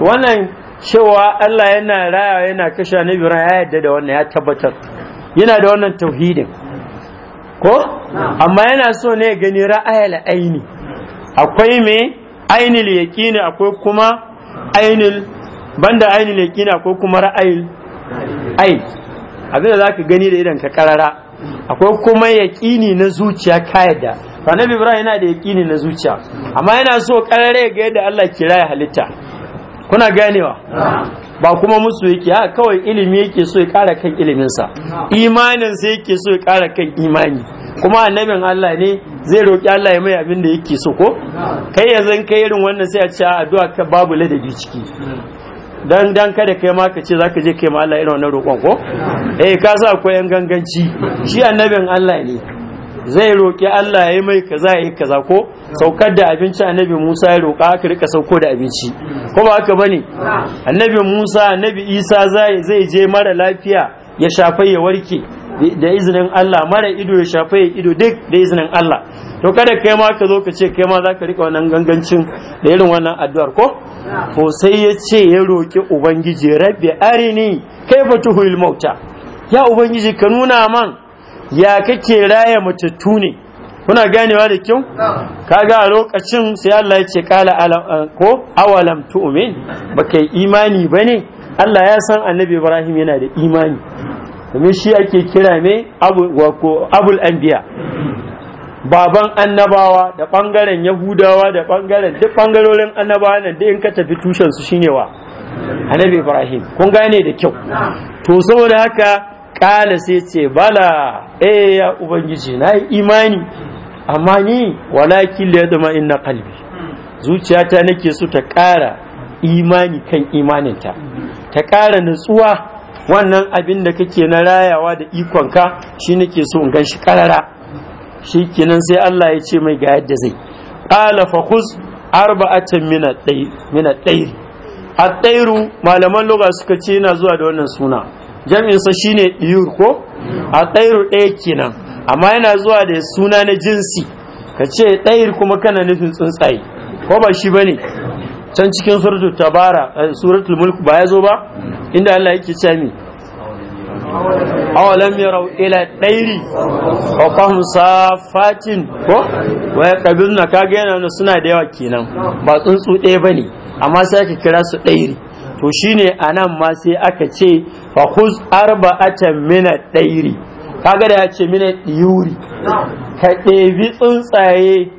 wannan cewa allah yana rayawa yana kashewa annabi ibrahim ya yadda da wannan ya tabbatar yana da wannan tauhidin ko amma yana so ne gani ra'ayal aini akwai me ainil yaqini akwai kuma ainil banda ainil yaqini akwai kuma ra'ayil ain abin da za ka gani da idan ka karara akwai kuma yaƙini na zuciya ka yadda annabi ibrahim yana da yaƙini na zuciya amma yana so karare ga yadda Allah kira ya halitta kuna ganewa ba kuma musu yake ha kawai ilimi yake so ya kara kan iliminsa imanin sai yake so ya kara kan imani kuma annabin Allah ne zai roƙi Allah ya mai abin da yake so ko kai yanzu kai irin wannan sai a ce addu'a ka babu ladabi ciki dan dan kada kai ma ka ce zaka je kai ma Allah irin wannan roƙon ko eh ka sa akwai yan ganganci shi annabin Allah ne zai roƙi Allah ya yi mai kaza ya yi kaza ko saukar da abinci annabi Musa ya roƙa aka rika sauko da abinci ko ba haka bane annabi Musa annabi Isa zai zai je mara lafiya ya shafa ya warke da izinin Allah mara ido ya shafa ya ido duk da izinin Allah to kada kai ma ka zo ka ce kai ma za ka rika wannan gangancin da irin wannan addu'ar ko ko sai ya ce ya roki ubangiji rabbi arini kaifa tuhul mauta ya ubangiji ka nuna man ya kake raya matattu ne kuna ganewa da kyau kaga a lokacin sai Allah ya ce kala ko awalam tu'min baka imani bane Allah ya san annabi Ibrahim yana da imani domin shi ake kira me abu abul anbiya baban annabawa da ɓangaren yahudawa da ɓangaren duk ɓangarorin annabawa nan duk in ka tafi tushen su shine wa annabi ibrahim kun gane da kyau to saboda haka kala sai ce bala eh ya ubangiji na yi imani amma ni walaki la yadma inna qalbi zuciyata nake so ta ƙara imani kan imaninta ta ƙara nutsuwa wannan abin da kake na rayawa da ikonka shi nake so in ganshi shi ƙarara shi kenan sai Allah ya ce mai ga yadda zai qala fa khuz arba'atan min at-tayr min malaman lugha suka ce yana zuwa da wannan suna jami'in sa shine diyur ko A ɗairu ɗaya kenan amma yana zuwa da suna na jinsi ka ce ɗair kuma kana nufin tsuntsaye ko ba shi bane can cikin suratul tabara eh, suratul mulk ba ya zo ba inda Allah yake cewa awalam yarau ila dairi wa fahum safatin ko wa yaqbilna kaga yana suna da yawa kenan ba tsuntsu ɗaya bane amma sai aka kira su dairi to shine anan ma sai aka ce fa khuz arba'atan min dairi kaga da ya ce min yuri ka ɗebi tsuntsaye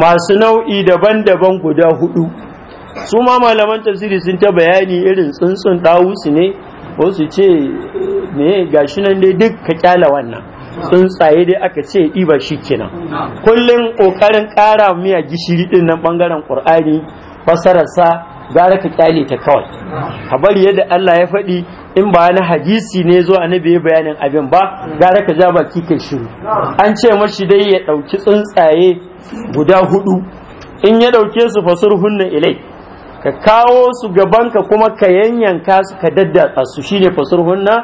masu nau'i daban-daban guda hudu su ma malaman tafsiri sun ta bayani irin tsuntsun ɗawusu ne ko su ce ne gashi nan dai duk ka kyala wannan tsuntsaye dai aka ce iba shi kenan kullum kokarin kara miya gishiri din nan bangaren qur'ani sa, gara ka kyale ta kawai ka bari yadda Allah ya faɗi in ba na hadisi ne zo annabi ya bayanin abin ba gara ka ja baki kai shiru an ce mashi dai ya ɗauki tsuntsaye guda hudu in ya ɗauke su fasurhunna ilai ka kawo su gabanka kuma ka yanyanka su ka daddatsa su shine fasurhunna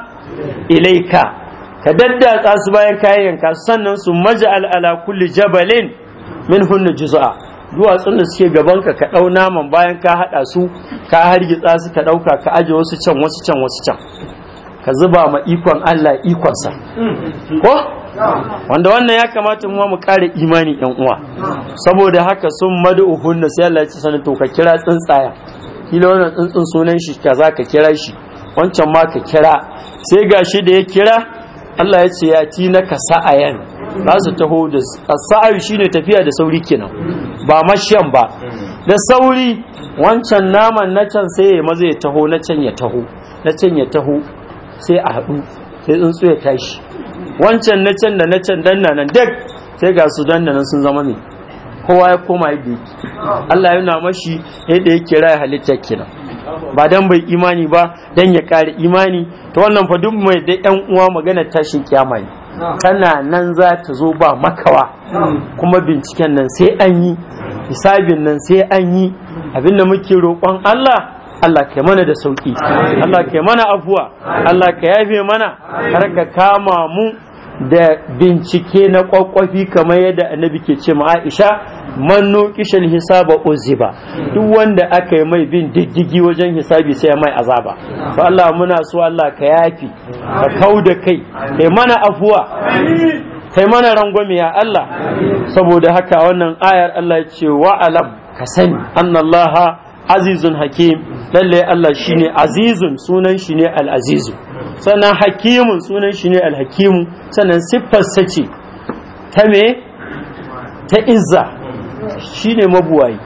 ilaika ka daddatsa su bayan ka yanyanka su sannan su maj'al ala kulli jabalin min hunna juz'a duwatsun da suke gabanka ka ɗau naman bayan ka haɗa su ka hargitsa su ka ɗauka ka aje wasu can wasu can wasu can ka zuba ma ikon Allah ikonsa ko wanda wannan ya kamata mu mu kare imani yan uwa saboda haka sun na, sai Allah ya ce sanin to ka kira tsuntsaya kila wannan tsuntsun sunan shi kaza ka kira shi wancan ma ka kira sai gashi da ya kira Allah ya ce ya ti na ka sa'ayan za su taho da sa'ayu shine tafiya da sauri kenan ba mashyan ba da sauri wancan naman na can sai ya maza ya taho na can ya taho na can ya taho sai a haɗu sai tsuntsu ya tashi wancan na can da na can dan nan dek, sai ga su dan nan sun zama ne kowa ya koma yadda yake Allah ya nuna mashi yadda yake raya halittar kenan ba dan bai imani ba dan ya kare imani to wannan fa duk mai da yan uwa magana tashin kiyama ne kana nan za ta zo ba makawa kuma binciken nan sai an yi hisabin nan sai an yi abinda muke roƙon Allah Allah ka mana da sauki Allah ka mana afuwa Allah ka yafe mana har ka kama mu da bincike na kwakwafi kamar yadda annabi ke ce ma Aisha man nuqishal hisaba uziba duk wanda aka yi mai bin diddigi wajen hisabi sai mai azaba to Allah muna so Allah ka yafi ka da kai kai mana afuwa kai mana rangwame ya Allah saboda haka wannan ayar Allah ya ce wa alam ka sani annallaha azizun hakim lalle Allah shine azizun sunan shi ne al sannan hakimun sunan shi ne alhakimu sannan siffarsa ce ta me ta izza shi ne mabuwayi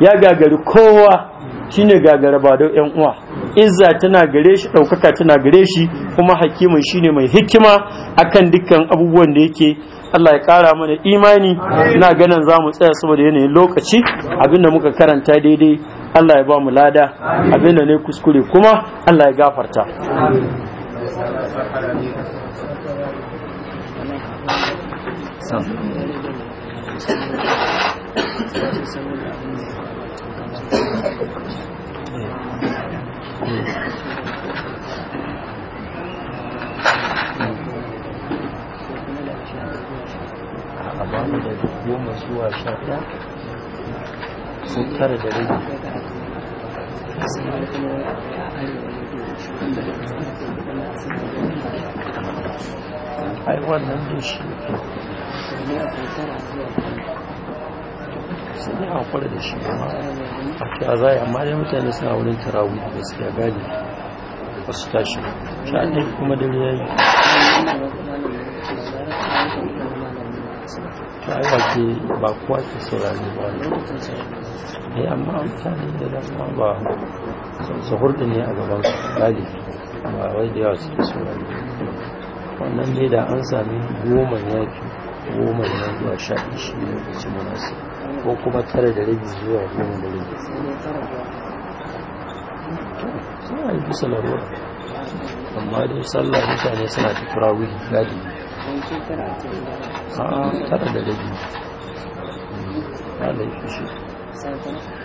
ya gagari kowa shi ne gagara ba da yan uwa izza tana gare shi ɗaukaka tana gare shi kuma hakimun shi ne mai hikima akan dukkan abubuwan da yake Allah ya ƙara mana imani na ganin za mu tsaya saboda yanayin lokaci abinda muka karanta daidai Allah ya ba mu lada abinda ne kuskure kuma Allah ya gafarta. a bamu da goma zuwa sha ɗaya sun tara da rai ai wannan da shi sun yi haƙura da shi amma a cewa za a yi amma dai mutane suna wurin tarawu da gaskiya gani wasu tashi sha'adai kuma dare ya yi sha'awa ke ba kowa ke saurari ba ne eh, amma mutane da dama ba sahur din ne a gaban galibi amma wai da yawa suke saurari wannan ne da an sami goma yaki goma na zuwa sha ishi lokacin munasi ko kuma tara da rabi zuwa goma da rabi suna yi bisa larura amma dai sallah mutane suna ta turawih galibi a tara da rabi ba laifi shi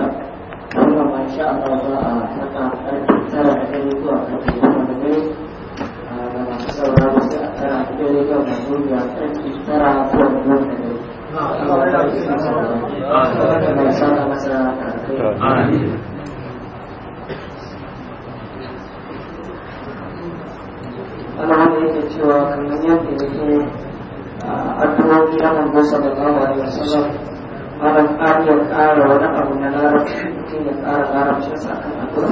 Assalamualaikum warahmatullahi wabarakatuh. Alhamdulillah. Alhamdulillah. Alhamdulillah. Alhamdulillah. Alhamdulillah. Alhamdulillah. Alhamdulillah. Alhamdulillah. Alhamdulillah. Alhamdulillah. Alhamdulillah. malam an ya wani abu ya larabci mutum ya ƙara larabcinsa a kan addu'a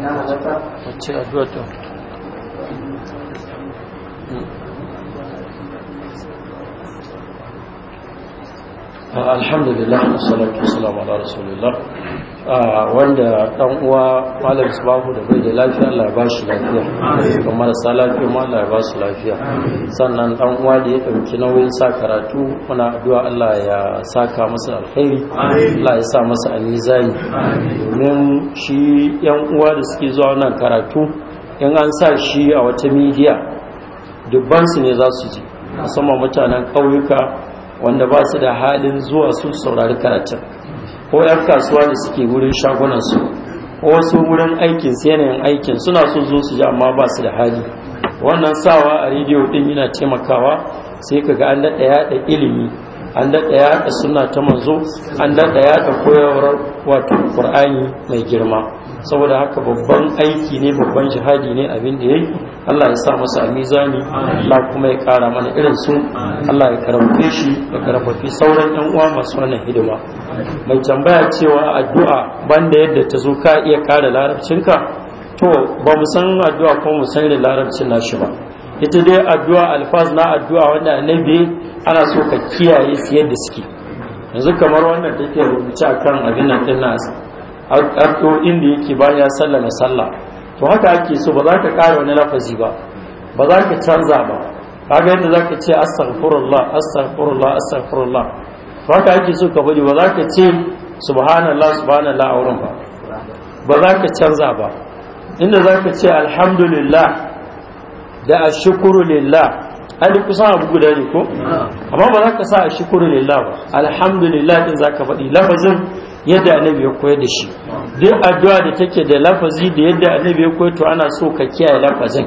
na halatta alhamdulillah wassalatu wassalamu ala rasulillah ah, wanda dan uwa malam subahu da bai da lafiya Allah ya bashi lafiya kuma marasa lafiya ma Allah ya basu lafiya sannan dan uwa da ya dauki nauyin sa karatu muna addu'a Allah ya saka masa alkhairi Allah ya sa masa alizani domin shi yan uwa da suke zuwa wannan karatu in an sa shi a wata midiya dubban su ne za su ji musamman mutanen ƙauyuka wanda ba su da halin zuwa su saurari karatun ko yan kasuwa da suke wurin shagunansu ko wasu wurin aikin yanayin aikin suna so zo su ji amma ba su da hali wannan sawa a rediyo din yana taimakawa sai ka ga an daɗa yaɗa ilimi an daɗa yaɗa suna ta manzo an daɗa yaɗa koyarwar wato ƙur'ani mai girma saboda haka babban aiki ne babban jihadi ne abin da ya yi Allah ya sa masa mizani Allah kuma ya kara mana irin su Allah ya karamfe shi ya karamfe sauran yan uwa masu wannan hidima mai tambaya cewa addu'a banda yadda ta zo ka iya kara larabcinka to ba mu san addu'a ko mu san larabcin nashi ba ita dai addu'a alfaz na addu'a wanda annabi ana so ka kiyaye su yadda suke yanzu kamar wannan take rubuce akan abin nan din addu'o'in inda yake bayan sallah na sallah to haka ake so ba za ka ƙara wani lafazi ba ba za ka canza ba kaga yadda za ka ce astaghfirullah astaghfirullah astaghfirullah to haka ake so ka bari ba za ka ce subhanallah subhanallah a wurin ba ba za ka canza ba inda za ka ce alhamdulillah da ashukuru lillah an kusan abu guda ne ko amma ba za ka sa ashukuru lillah ba alhamdulillah din za ka faɗi lafazin yadda annabi ya koyar da shi duk addu'a da take da lafazi da yadda annabi ya koyar to ana so ka kiyaye lafazin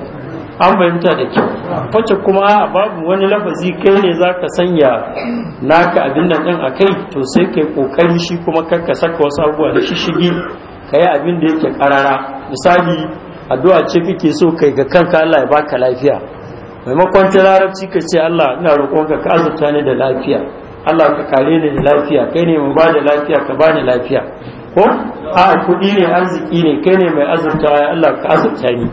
an fahimta da kyau kwace kuma babu wani lafazi kai ne za ka sanya naka abin nan ɗin a kai to sai kai kokari shi kuma kar ka saka wasu abubuwa da shishigi ka yi abin da yake karara misali addu'a ce kake so kai ga kanka Allah ya baka lafiya maimakon ta larabci ka ce Allah ina roƙonka ka azurta ni da lafiya Allah ka kare ni da lafiya kai ne mu bada lafiya ka bani lafiya ko a kuɗi ne arziki ne kai ne mai azurta ya Allah ka azurta ni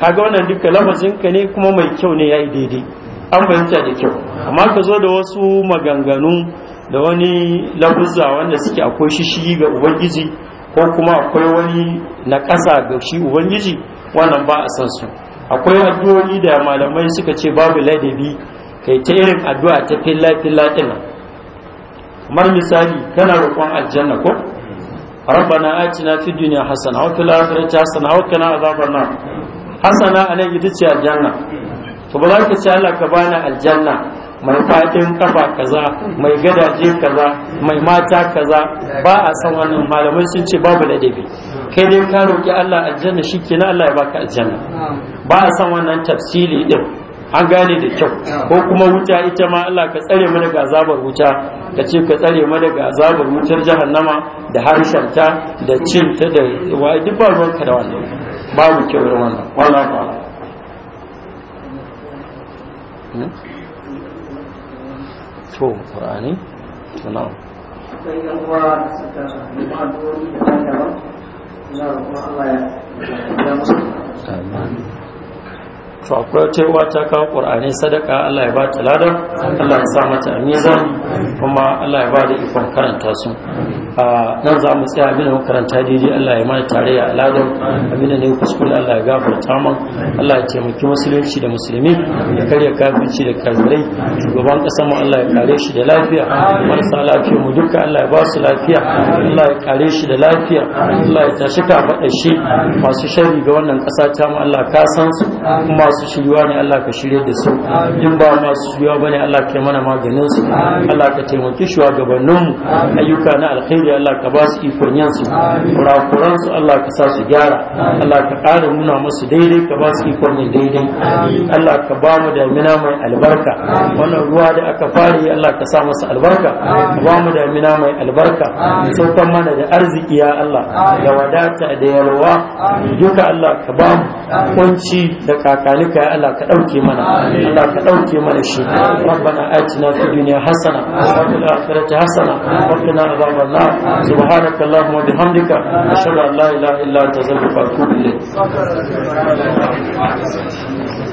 kaga wannan duka lafazin ka ne kuma mai kyau ne yayi daidai an bayyana da kyau amma ka zo da wasu maganganu da wani lafuzza wanda suke akwai shishi ga ubangiji ko kuma akwai wani na ƙasa ga shi ubangiji wannan ba a san su akwai addu'o'i da malamai suka ce babu ladabi kai ta irin addu'a ta filla filla kamar misali kana roƙon aljanna ko rabbana atina fid dunya hasana wa fil akhirati hasana wa qina azaban nar hasana anan ita ce aljanna to ba za ka ce Allah ka bani aljanna mai fatin kafa kaza mai gadaje kaza mai mata kaza ba a san wannan malamai sun ce babu ladabi kai dai ka roki Allah aljanna shikenan Allah ya baka aljanna ba a san wannan tafsili din an gane da kyau ah. ko kuma wuta ita ma Allah ka tsare mu daga azabar wuta ka ce ka tsare mu daga azabar wutar jahannama da harshenta da cinta da wa duk ba ka da wannan babu kyau irin wannan wallahi ba hmm? to qur'ani sai to akwai wata yawa ta kawo ƙur'ani sadaka Allah ya ba ta ladar Allah ya sa mata a mizani kuma Allah ya ba da ikon karanta su a nan za mu tsaya abin mu karanta daidai Allah ya mana tare a ladar Amina ne kuskure Allah ya gafarta man Allah ya taimaki musulunci da musulmi ya karya kafirci da kazirai shugaban ƙasar mu Allah ya kare shi da lafiya marasa lafiya mu duka Allah ya ba su lafiya Allah ya kare shi da lafiya Allah ya tashi ka faɗa shi masu shari ga wannan ƙasa ta mu Allah ka san su kuma masu shiryuwa ne Allah ka da su in ba masu shiryuwa ba ne Allah ka mana maganin su Allah ka taimaki shugabannin mu ayyuka na alkhairi Allah ka ba su ikon yin su kurakuran su Allah ka sa su gyara Allah ka ƙara nuna musu daidai ka ba su ikon yin daidai Allah ka ba mu damina mai albarka wannan ruwa da aka fara yi Allah ka sa masa albarka ka ba mu damina mai albarka saukan mana da arziki ya Allah da wadata da yalwa duka Allah ka ba mu kunci da ka ya Allah ka ɗauke mana Allah ka ɗauke mana shi rabbana atina fi dunya hasana wa fil akhirati hasana wa qina adhaban nar subhanaka allahumma wa bihamdika ashhadu an la ilaha illa anta astaghfiruka wa atubu ilayk